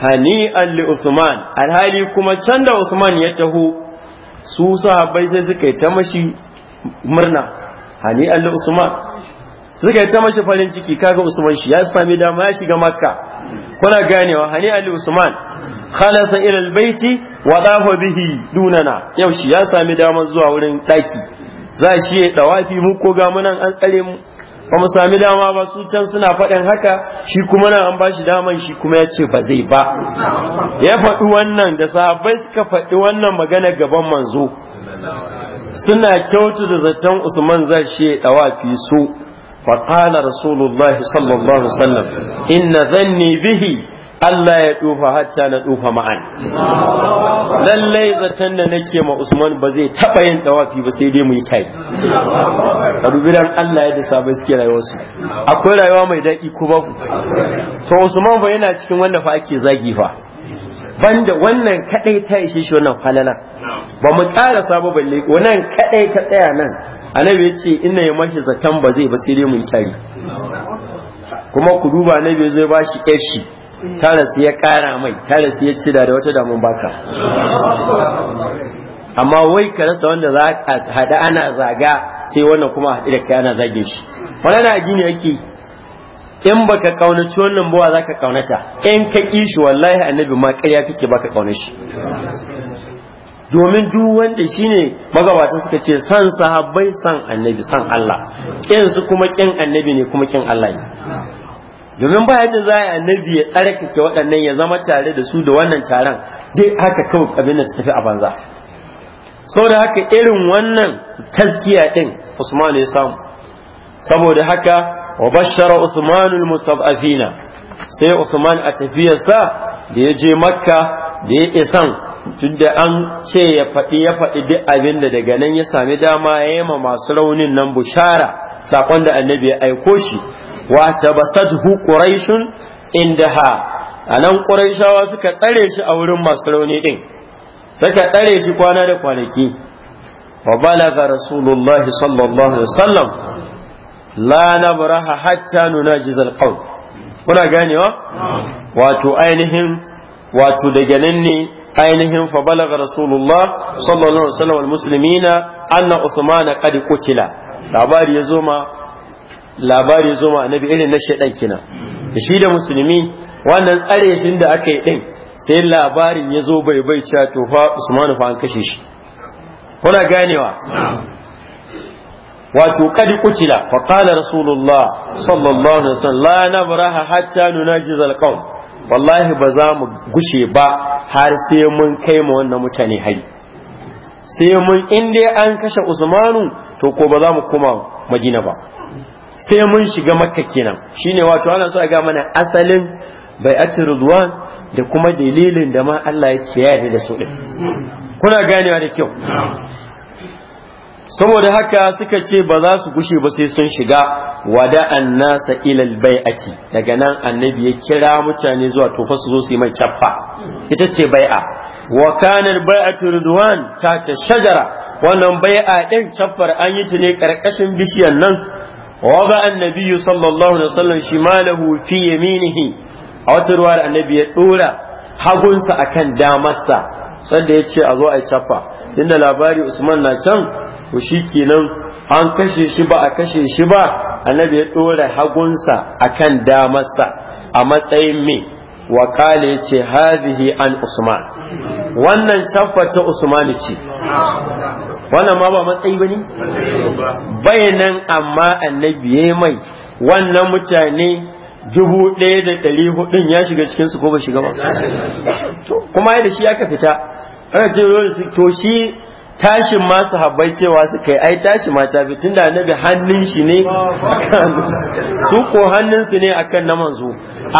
hani'an li usman alhali kuma can da usman ya taho su sahabbai sai suka yi ta mashi murna hani Allah Usman suka yi ta mashi farin ciki kaga Usman shi ya sami dama ya shiga Makka kuna ganewa hani Ali Usman khalasa ila albayti wa dafa bihi dunana yau shi ya sami dama zuwa wurin daki za shi ya dawafi mu ko ga munan an tsare mu ba mu sami dama ba su can suna faɗin haka shi kuma nan an bashi daman shi kuma ya ce ba zai ba ya faɗi wannan da sahabbai suka faɗi wannan magana gaban manzo suna kyautu da zaton usman zai shi dawafi su فقال رسول الله صلى الله عليه وسلم bihi. Allah ya tsufa hatta na tsufa ma'an lallai zaton da nake ma Usman ba zai taba yin dawafi ba sai dai mu yi kai ka dubi dan Allah ya dasa ba suke rayuwar akwai rayuwa mai daɗi ko ku. to Usman fa yana cikin wanda fa ake zagi fa banda wannan kadai ta ishe shi wannan falalar ba mu tsara sabo balle wannan kadai ka tsaya nan annabi ya ce ina ya mashi zaton ba zai ba sai dai mu yi kuma ku duba annabi zai ba shi shi taras ya kara mai taras ya ci da wata damun baka amma wai ka rasa wanda za a hada ana zaga sai wannan kuma haɗu da kai ana zage shi wannan addini yake in baka kaunaci wannan bawa za ka kaunata in ka ƙi shi wallahi annabi ma karya kake baka kauna shi domin duk wanda shine magabata suka ce san sahabbai san annabi san Allah kin su kuma kin annabi ne kuma kin Allah ne domin ba yadda za a annabi ya tsarkake waɗannan ya zama tare da su da wannan taron dai haka kawai kabilar ta tafi a banza saboda haka irin wannan taskiya ɗin, Usman ya samu saboda haka wa bashara Usman al-mustad'afina sai Usman a tafiyarsa da ya je Makka da ya isan tunda an ce ya faɗi ya faɗi duk abin da daga nan ya sami dama ya yi ma masu raunin nan bushara saƙon da annabi ya aiko shi wa tabasathu quraishun indaha anan quraishawa suka tsare shi a wurin masu rauni din suka tsare shi kwana da kwanaki wa balaga rasulullah sallallahu alaihi wasallam la nabraha hatta nunajiz alqaum kuna ganewa wato ainihin wato da ganin ne ainihin fa balaga rasulullah sallallahu alaihi wasallam almuslimina anna usman qad kutila. labari ya zo ma labari zo ma annabi irin na shaidan kina da shi da musulmi wannan tsare shi da aka yi din sai labarin ya zo bai bai cewa to fa Usmanu fa an kashe shi kuna ganewa wato kadi kutila fa qala rasulullah sallallahu alaihi wasallam la nabraha hatta nunajiz alqawm wallahi ba za mu gushe ba har sai mun kai ma wannan mutane hari sai mun in dai an kashe usmanu to ko ba za mu koma madina ba sai mun shiga makka kenan shine wato ana so a ga mana asalin bai'atul ridwan da kuma dalilin da ma Allah ya ce da su din kuna ganewa da kyau saboda haka suka ce ba za su gushe ba sai sun shiga an nasa ilal bai'ati daga nan annabi ya kira mutane zuwa to fa su zo su yi mai caffa ita ce bai'a wa kanar bai'atu ridwan ta ta shajara wannan bai'a din caffar an yi ta ne karkashin bishiyar nan وضع النبي صلى الله عليه وسلم شماله في يمينه annabi ya ɗora hagunsa a kan damarsa sanda ya ce a zo a cafa inda labari usman na can ku shi kenan an kashe shi ba a kashe shi ba annabi ya ɗora hagunsa akan damarsa a matsayin me Wakali ya ce hazihi an usman wannan cafa ta usman ce wannan ma ba matsayi ba ne bayanan amma annabi ya mai wannan mutane dubu ɗaya da ɗari hudun ya shiga cikinsu ko ba shiga ba kuma yadda shi aka fita ana ce to shi tashin masu habbai cewa su kai ai tashi mata fi da annabi hannun shi ne su ko hannun su ne akan na manzo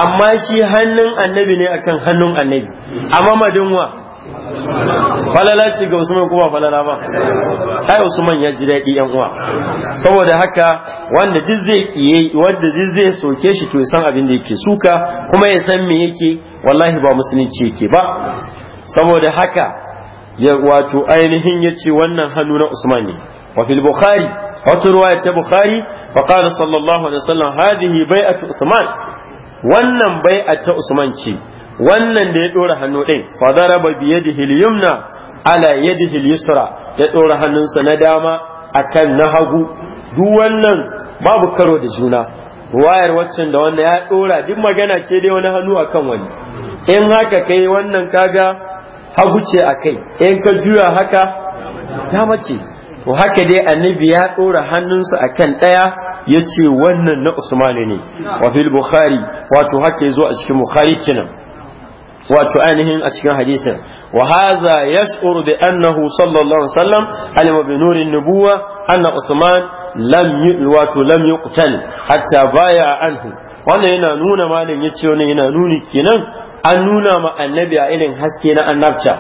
amma shi hannun annabi ne akan hannun annabi amma madinwa falala ce ga usman kuma falala ba ai usman ya ji daɗi yan uwa saboda haka wanda duk zai kiye wanda duk zai soke shi to ya san abin da yake suka kuma ya san me yake wallahi ba musulunci yake ba saboda haka ya wato ainihin yace wannan hannu na usman ne wa fil bukhari wata ruwaya ta bukhari wa qala sallallahu alaihi wasallam hadhihi bai'atu usman wannan bai'atu usman ce wannan da ya ɗora hannu ɗin, fa daraba bi yadihi al ala yadihi al-yusra ya dora hannunsa na dama akan na hagu duk wannan babu karo da juna wayar waccan da wannan ya dora duk magana ce dai wani hannu akan wani in haka kai wannan kaga hagu ce akai in ka juya haka dama ce to haka dai annabi ya ɗora hannunsa a kan ɗaya ya ce wannan na usmani ne wa fil bukhari wato haka ya zo a cikin bukhari kenan. wato ainihin a cikin hadisin wa hadha yash'uru bi annahu sallallahu alaihi wasallam alima bi nurin nubuwa anna usman lam wato lam yuqtal hatta baya anhu wannan yana nuna malin yace wannan yana nuni kenan an nuna ma annabi a irin haske na annabta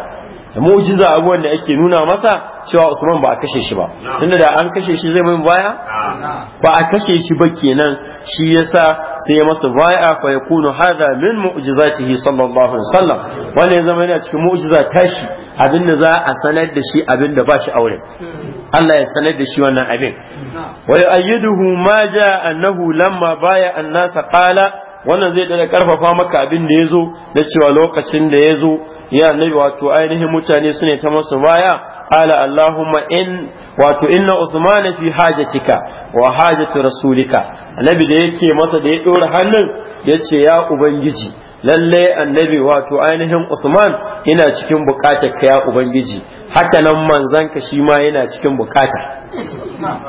mu'jiza abubuwan da ake nuna masa cewa Usman ba a kashe shi ba tunda da an kashe shi zai mai baya ba a kashe shi ba kenan shi yasa sai ya masa baya fa yakunu hadha min mu'jizatihi sallallahu alaihi wasallam wannan ya zama yana cikin mu'jiza tashi abin da za a sanar da shi abinda ba shi aure hmm. Allah ya sanar da shi wannan abin wa yu'ayyiduhu ma ja'a annahu lamma baya annasa qala wannan zai dada karfafa maka abin da ya zo da cewa lokacin da ya zo ya nabi wato ainihin mutane su ne ta masu baya ala Allahumma in wato inna Usman fi hajatika wa hajatu rasulika annabi da yake masa da ya dora hannun yace ya ubangiji lalle annabi wato ainihin Usman yana cikin bukatar ka ya ubangiji haka nan manzon ka shi ma yana cikin bukata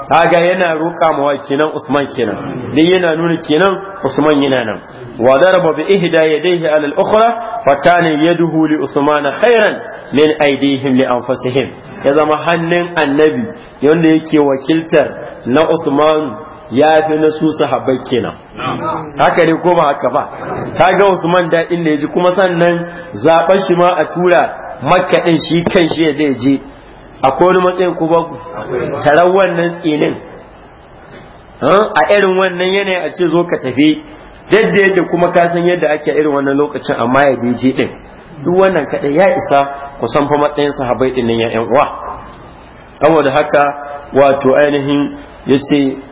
kaga yana roƙa mawa kenan Usman kenan dan yana nuna kenan Usman yana nan wa daraba bi ihda yadayhi ala al-ukhra fa ya yaduhu li Usman khairan min aydihim li anfusihim ya zama hannun annabi yanda yake wakiltar na Usman ya fi na su sahabbai kenan haka ne ko ba haka ba ta ga usman daɗin da ya ji kuma sannan zaɓar shi ma a tura makka din shi kan shi ya zai je akwai wani matsayin ku baku tarar wannan tsinin a irin wannan yanayi a ce zo ka tafi yadda yadda kuma ka san yadda ake irin wannan lokacin amma ya je ɗin duk wannan kaɗai ya isa ku san fa matsayin sahabbai ɗin nan ya uwa saboda haka wato ainihin yace ce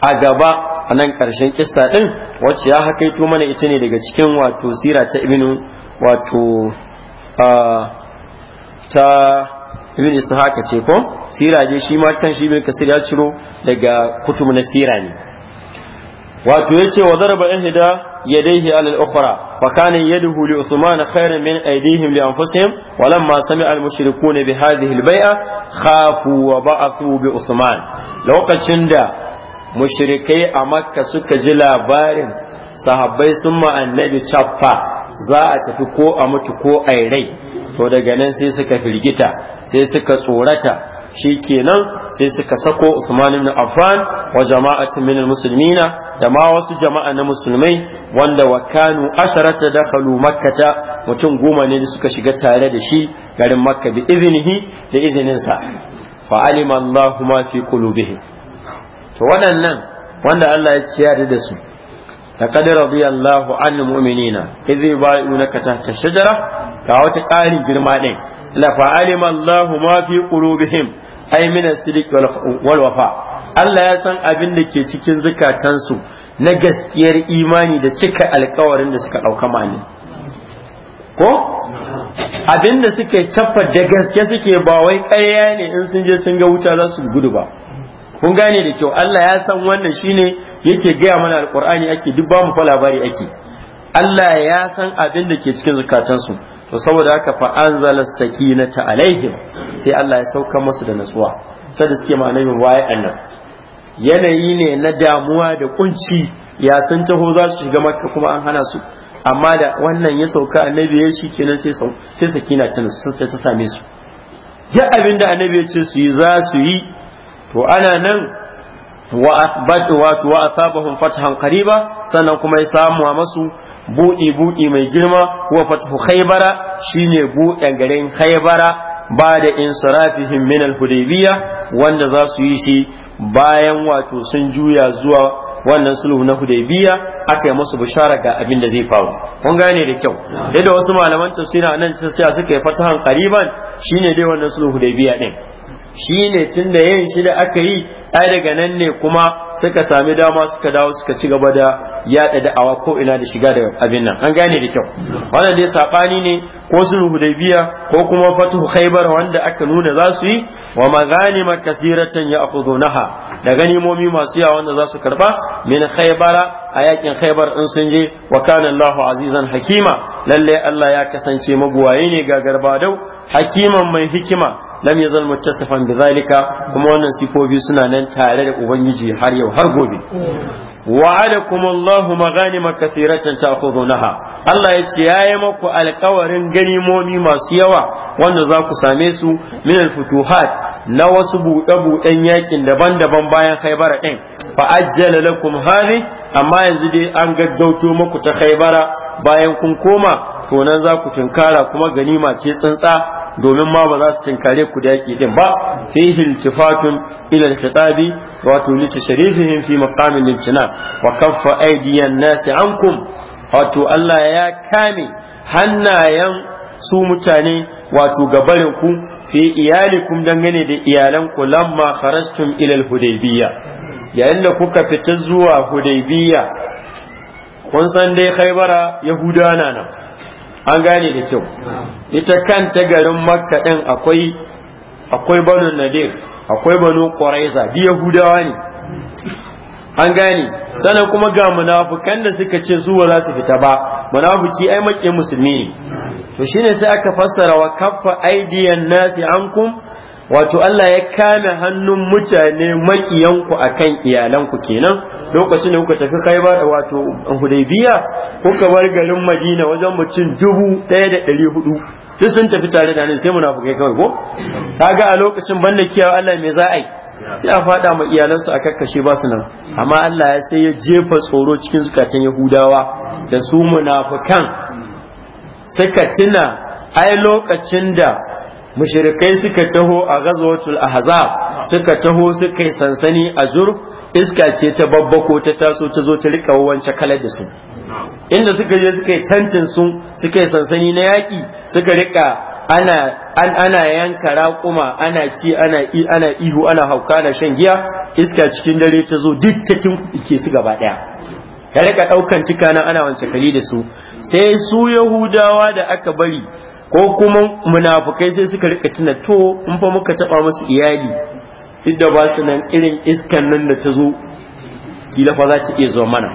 a gaba a nan ƙarshen kissa ɗin wacce ya hakaito mana ita ne daga cikin wato sira ta ibnu wato ta ibn haka ce ko sira je shi ma kan shi bin kasir ya ciro daga kutub na sira ne wato ya ce wa daraba ihda yadayhi ala al-ukhra fa kana yaduhu li usman khayran min aydihim li anfusihim wa lamma sami'a al-mushrikun bi hadhihi al-bay'a khafu wa ba'athu bi usman lokacin da mushrikai a makka suka ji labarin sahabbai sun annabi chaffa za a tafi ko a mutu ko a rai to daga nan sai suka firgita sai suka tsorata shi kenan sai suka sako Usman ibn Affan wa jama'atin min almuslimina da ma wasu jama'a na musulmai wanda wa kanu asharata dakhalu makkata mutum goma ne da suka shiga tare da shi garin makka bi iznihi da izininsa fa alima Allahu ma fi qulubihim to waɗannan, wanda Allah ya ci yarda da su ta kadar radiyallahu na, mu'minina idzi ba'una ka ta ta shajara ka wata ƙarin girma din la fa'alima Allahu ma fi qulubihim ay min as-sidq Allah ya san abin da ke cikin zukatansu na gaskiyar imani da cika alƙawarin da suka dauka mali ko abinda suke tafar da gaske suke ba wai ƙarya ne in sun je sun ga wuta za su gudu ba kun gane da kyau Allah ya san wannan shine yake gaya mana alqur'ani ake duk ba mu fa labari ake Allah ya san abin da ke cikin zakatansu to saboda haka fa anzala sakinata alaihim sai Allah ya sauka musu da natsuwa sai da suke ma'anar waye annan yanayi ne na damuwa da kunci ya san taho za su shiga maka kuma an hana su amma da wannan ya sauka annabi ya shi kenan sai sai sakina ta ta same su duk abin da annabi ya ce su yi za su yi to ana nan wa wato wa asabahum fathan qariba sannan kuma ya samu a masu buɗi buɗi mai girma wa fathu khaybara shine buɗe garin khaybara ba da insirafihim min al hudaybiyah wanda za su yi shi bayan wato sun juya zuwa wannan sulhu na hudaybiyah aka yi musu bishara ga abin da zai faru kun gane da kyau dai da wasu malaman tafsira nan sai suka yi fatahan qariban shine dai wannan sulhu hudaybiyah din shi ne tun da yin shi da aka yi ai daga nan ne kuma suka sami dama suka dawo suka ci gaba da yada da'awa ko ina da shiga da abin nan an gane da kyau wannan dai sabani ne ko sulhu hudaybiya ko kuma fatuhu khaybar wanda aka nuna za su yi wa maghanima kathiratan ya'khudunaha da ganimomi masu yawa wanda za su karba min khaybara a yakin khaybar in sun je wa kana Allahu azizan hakima lalle Allah ya kasance maguwaye ne ga Garba dau. hakiman mai hikima lam yazal muttasifan bizalika kuma wannan sifofi suna nan tare da ubangiji har yau har gobe wa'adakum Allahu maghanima kathiratan ta'khudunaha Allah ya ce yayi maku alkawarin ganimomi masu yawa wanda za ku same su min al-futuhat na wasu buɗe-buɗen yakin daban-daban bayan Khaibara ɗin fa ajjala lakum amma yanzu dai an gaggauto maku ta Khaibara bayan kun koma to nan za ku tunkara kuma ganima ce tsantsa domin ma ba za su tinkare ku da yaki din ba fihi iltifatun ila alkhitabi wato li tashrifihim fi maqamin al-jinan wa kaffa aydiyan nasi ankum wato Allah ya kame hannayen su mutane wato gabarin ku fi iyalikum dangane da iyalan ku lamma kharastum ila al-hudaybiyya yayin da kuka fita zuwa hudaybiyya kun san dai khaybara yahudana nan an gane da kyau ita kanta garin makka ɗin akwai akwai banu nadir akwai banu quraiza bi yahudawa ne an gane sannan kuma ga munafukan da suka ce su ba za su fita ba munafuki ai maƙi musulmi ne to shine sai aka fassara wa kaffa aidiyan nasi ankum wato Allah ya kame hannun mutane makiyanku akan iyalanku kenan lokacin da kuka tafi Khaibar wato Hudaybiya kuka bar garin Madina wajen mutum dubu ɗaya da ɗari hudu duk sun tafi tare da ni sai munafukai kawai ko kaga a lokacin banda kiyawa Allah me za a yi sai a faɗa ma iyalansu a kakkashe ba su nan amma Allah ya sai ya jefa tsoro cikin zukatan Yahudawa da su munafukan suka tuna ai lokacin da mushrikai suka taho a ghazwatul ahzab suka taho suka yi sansani a zurf. iska ce ta babbako ta taso ta zo ta rika wancan kalar da su inda suka je suka yi tantin su suka yi sansani na yaƙi suka rika ana ana yanka raƙuma ana ci ana i ana ihu ana hauka ana shan giya iska cikin dare ta zo duk ta ke su gaba ɗaya Ka rika ɗaukan cika ana wancan kali da su sai su yahudawa da aka bari ko kuma munafukai sai suka rika tuna to in fa muka taba musu iyali duk da ba su nan irin iskan nan da ta zo kila fa za ta iya zo mana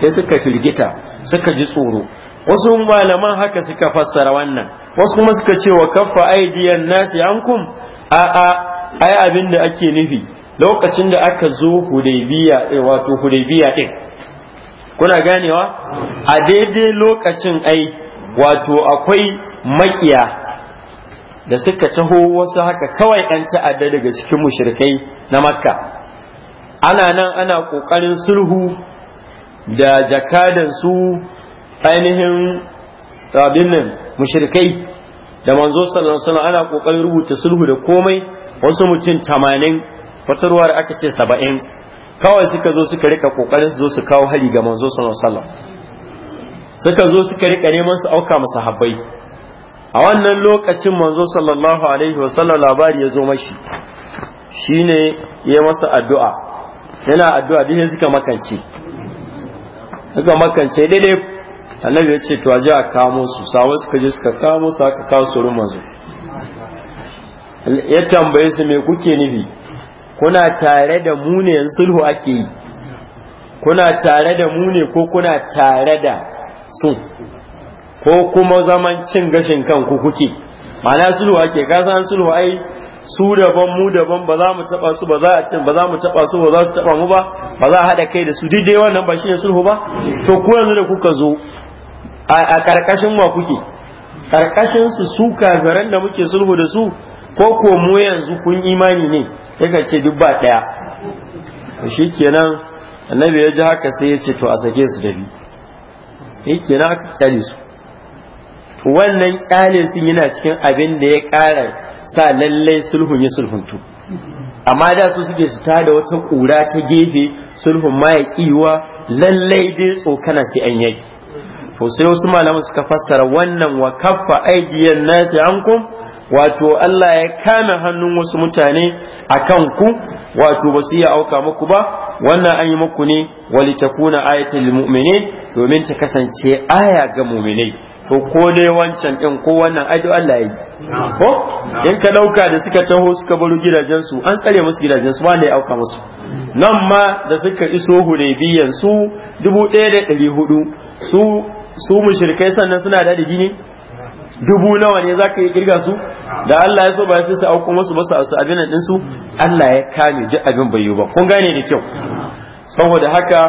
sai suka firgita suka ji tsoro wasu malaman haka suka fassara wannan wasu kuma suka ce wa kaffa aidiyan nasi ankum a a ai abin da ake nufi lokacin da aka zo hudaybiya eh, wato hudaybiya din kuna ganewa a daidai lokacin ai wato akwai makiya da suka taho wasu haka kawai 'yan ta'adda daga cikin mushrikai na makka ana nan ana ƙoƙarin sulhu da jakadansu ainihin rabinin nan mushrikai da manzo sallallahu alaihi ana ƙoƙarin rubuta sulhu da komai wasu mutum tamanin fatarwar aka ce saba'in kawai suka zo suka rika ƙoƙarin su zo su kawo hari ga manzo sallallahu alaihi suka zo suka rika neman su auka masa habbai a wannan lokacin manzo sallallahu alaihi wasallam labari ya zo mashi shine ya masa addu'a yana addu'a dinne suka makance suka makance daidai annabi ya ce to aje a kamo su sawo suka je suka kamo su aka kawo su manzo ya tambaye su me kuke nufi kuna tare da mu ne yanzu sulhu ake yi kuna tare da mu ne ko kuna tare da sun ko kuma zaman cin gashin kanku kuke mana sulhu ake ka san sulhu ai su daban mu daban ba za mu taba su ba za a cin ba za mu taba su ba za su taba mu ba ba za a hada kai da su duk dai wannan ba shine sulhu ba to ku yanzu da kuka zo a karkashin wa kuke karkashin su su kafiran da muke sulhu da su ko ko mu yanzu kun imani ne yaka ce duk ba daya shikenan annabi ya ji haka sai ya ce to a sake su da biyu yake na aka kyale su wannan kyale sun yana cikin abin da ya ƙara sa lallai sulhun ya sulhuntu amma da su suke su da wata ƙura ta gefe sulhun ma ya kiwa lallai dai tsokana sai an yaki to wasu malamu suka fassara wannan wa kaffa aidiyan nasi ankum wato Allah ya kame hannun wasu mutane a kanku wato ba su iya auka muku ba wannan an yi muku ne walitakuna ayatul mu'mini domin ta kasance aya ga mu'minai to ko dai wancan din ko wannan ai ado Allah ya yi ko in ka dauka da suka taho suka baro gidajen su an tsare musu gidajen su wanda ya auka musu nan ma da suka iso hudaybiyan su 1400 su su mushrikai sannan suna da gini. dubu nawa ne za ka yi girga su da Allah ya so ba sai su auko masu ba su abin din su Allah ya kame duk abin bai yi ba kun gane da kyau saboda haka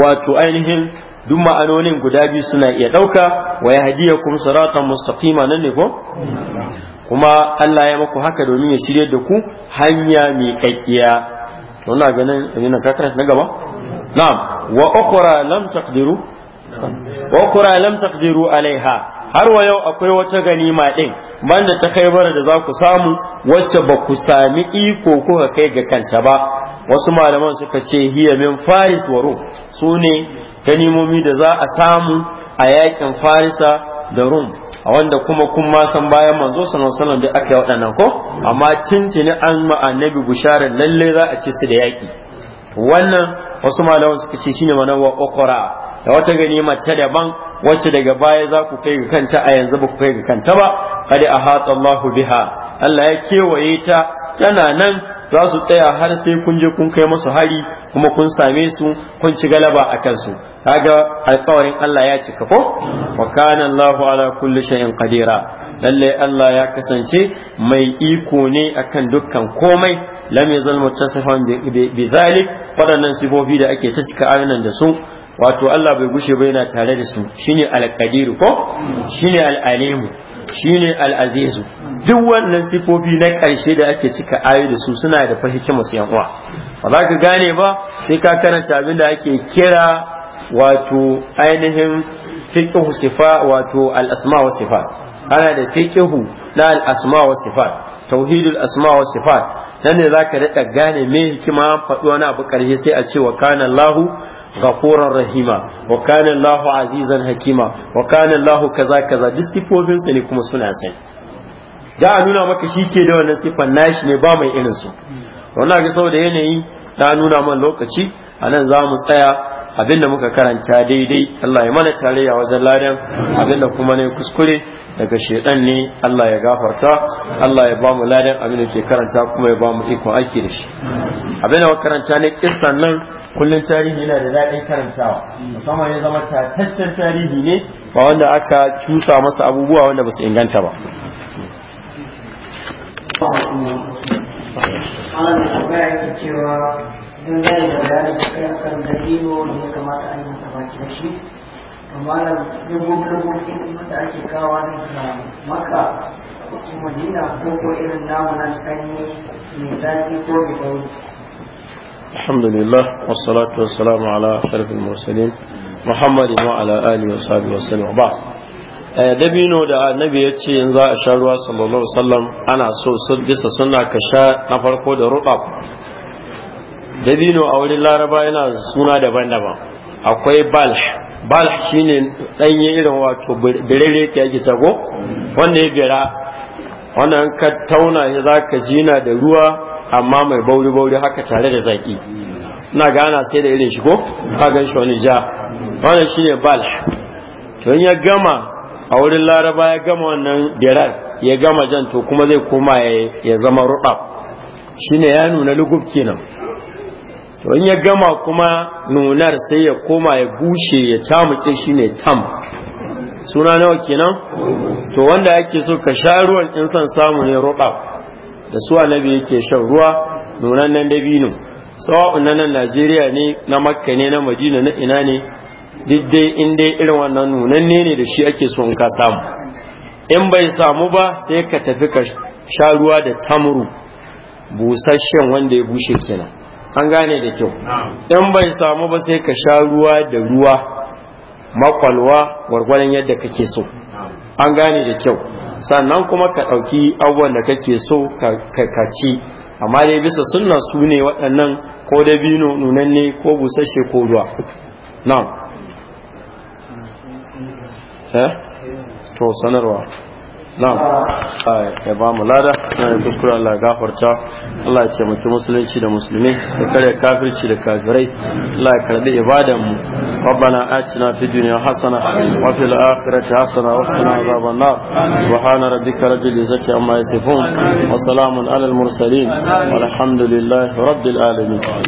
wato ainihin duk ma'anonin guda biyu suna iya ɗauka wa ya hadiya kum siratan mustaqima nan ne ko kuma Allah ya maku haka domin ya shirye da ku hanya mai kakkiya to na ganin abin nan na gaba na'am wa ukhra lam taqdiru wa ukhra lam taqdiru alaiha har wa yau akwai wata ganima ɗin banda ta kai bara da za ku samu wacce ba ku sami iko kuka kai ga kanta ba wasu malaman suka ce hiya min faris wa su ne ganimomi da za a samu a yakin farisa da rum a wanda kuma kun ma san bayan manzo sallallahu alaihi da aka yi waɗannan ko amma cincini an ma annabi bisharar lalle za a ci su da yaƙi wannan wasu malaman suka ce shine manawa okora da wata ganima ta daban wacce daga baya za ku kai ga kanta a yanzu ba ku kai ga kanta ba kada a hatsa Allahu biha Allah ya kewaye ta tana nan za su tsaya har sai kun je kun kai musu hari kuma kun same su kun ci galaba a kansu kaga alkawarin Allah ya cika ko wa kana Allahu ala kulli shay'in qadira lalle Allah ya kasance mai iko ne akan dukkan komai lam yazal mutasaffan bi zalik nan sifofi da ake ta cika da su wato Allah bai gushe ba yana tare da su shine alqadiru ko shine alalimu shine alazizu duk wannan sifofi na ƙarshe da ake cika ayoyi da su suna da fahimci su yan uwa ba za ka gane ba sai ka karanta abin da ake kira wato ainihin fiƙihu sifa wato al-asma wa sifat ana da fiƙihu na al-asma wa sifat tauhidul asma wa sifat nan ne zaka rika gane me hikima faɗuwa na wani abu ƙarshe sai a ce wa kana Allahu غفورا rahima wa الله عزيزا azizan hakima wa كذا كذا kaza kaza duk ne kuma suna san da a nuna maka shi ke da wannan sifan nashi ne ba mai irin su wannan ga saboda yanayi na nuna man lokaci anan za mu tsaya abinda muka karanta daidai Allah ya mana tarayya wajen ladan abinda kuma ne kuskure daga shedan ne Allah ya gafarta Allah ya ba mu ladan abin da ke karanta kuma ya ba mu iko aiki da shi abin da karanta ne kissan nan kullun tarihi yana da daɗin karantawa musamman ya zama tataccen tarihi ne ba wanda aka cusa masa abubuwa wanda ba su inganta ba dangane da bayanin da kai akan dalilo da ya kamata a yi da shi malam dabbobin da ake kawo daga maka ko madina ko irin namu sanyi mai zafi ko mai dauri الحمد لله والصلاة والسلام على أشرف المرسلين محمد وعلى آله وصحبه وسلم وبعد dabino da annabi ya ce yanzu a sha ruwa sallallahu sallam ana so sun bisa suna ka sha na farko da rubab dabino a wurin laraba yana suna daban-daban akwai balh bal shine ɗanye irin wato birere ta yake sago wanda ya bira wannan ka tauna za ka jina da ruwa amma mai bauri-bauri haka tare da zaki na gana sai da irin shi ko gan shi wani ja wannan shine bal to ya gama a wurin laraba ya gama wannan birar ya gama jan to kuma zai koma ya zama ruɗa shine ya nuna lugub kenan to in ya gama kuma nunar sai ya koma ya bushe ya tamuke shi ne tam suna nawa kenan to wanda ake so ka sha ruwan in son samu ne roba da su annabi yake shan ruwa nunan nan dabino sawa'un nan Najeriya ne na Makka ne na Madina na ina ne duk dai in dai irin wannan nunanne ne da shi ake so in ka samu in bai samu ba sai ka tafi ka sha ruwa da tamuru busasshen wanda ya bushe kenan an gane da kyau in bai samu ba sai ka sha ruwa da ruwa makwalwa gwargwaron yadda kake so an gane da kyau sannan kuma ka ɗauki abubuwan da kake so ka ci amma dai bisa sunna su ne waɗannan ko dabino nunanne ko busasshe ko ruwa nan eh? to sanarwa na'am ya ba mu lada na da kuskure Allah gafarta Allah ya taimaki musulunci da musulmi da kare kafirci da kafirai Allah ya karbi ibadan mu ربنا آتنا في الدنيا حسنة وفي الآخرة حسنة وقنا عذاب النار سبحان ربك رب العزة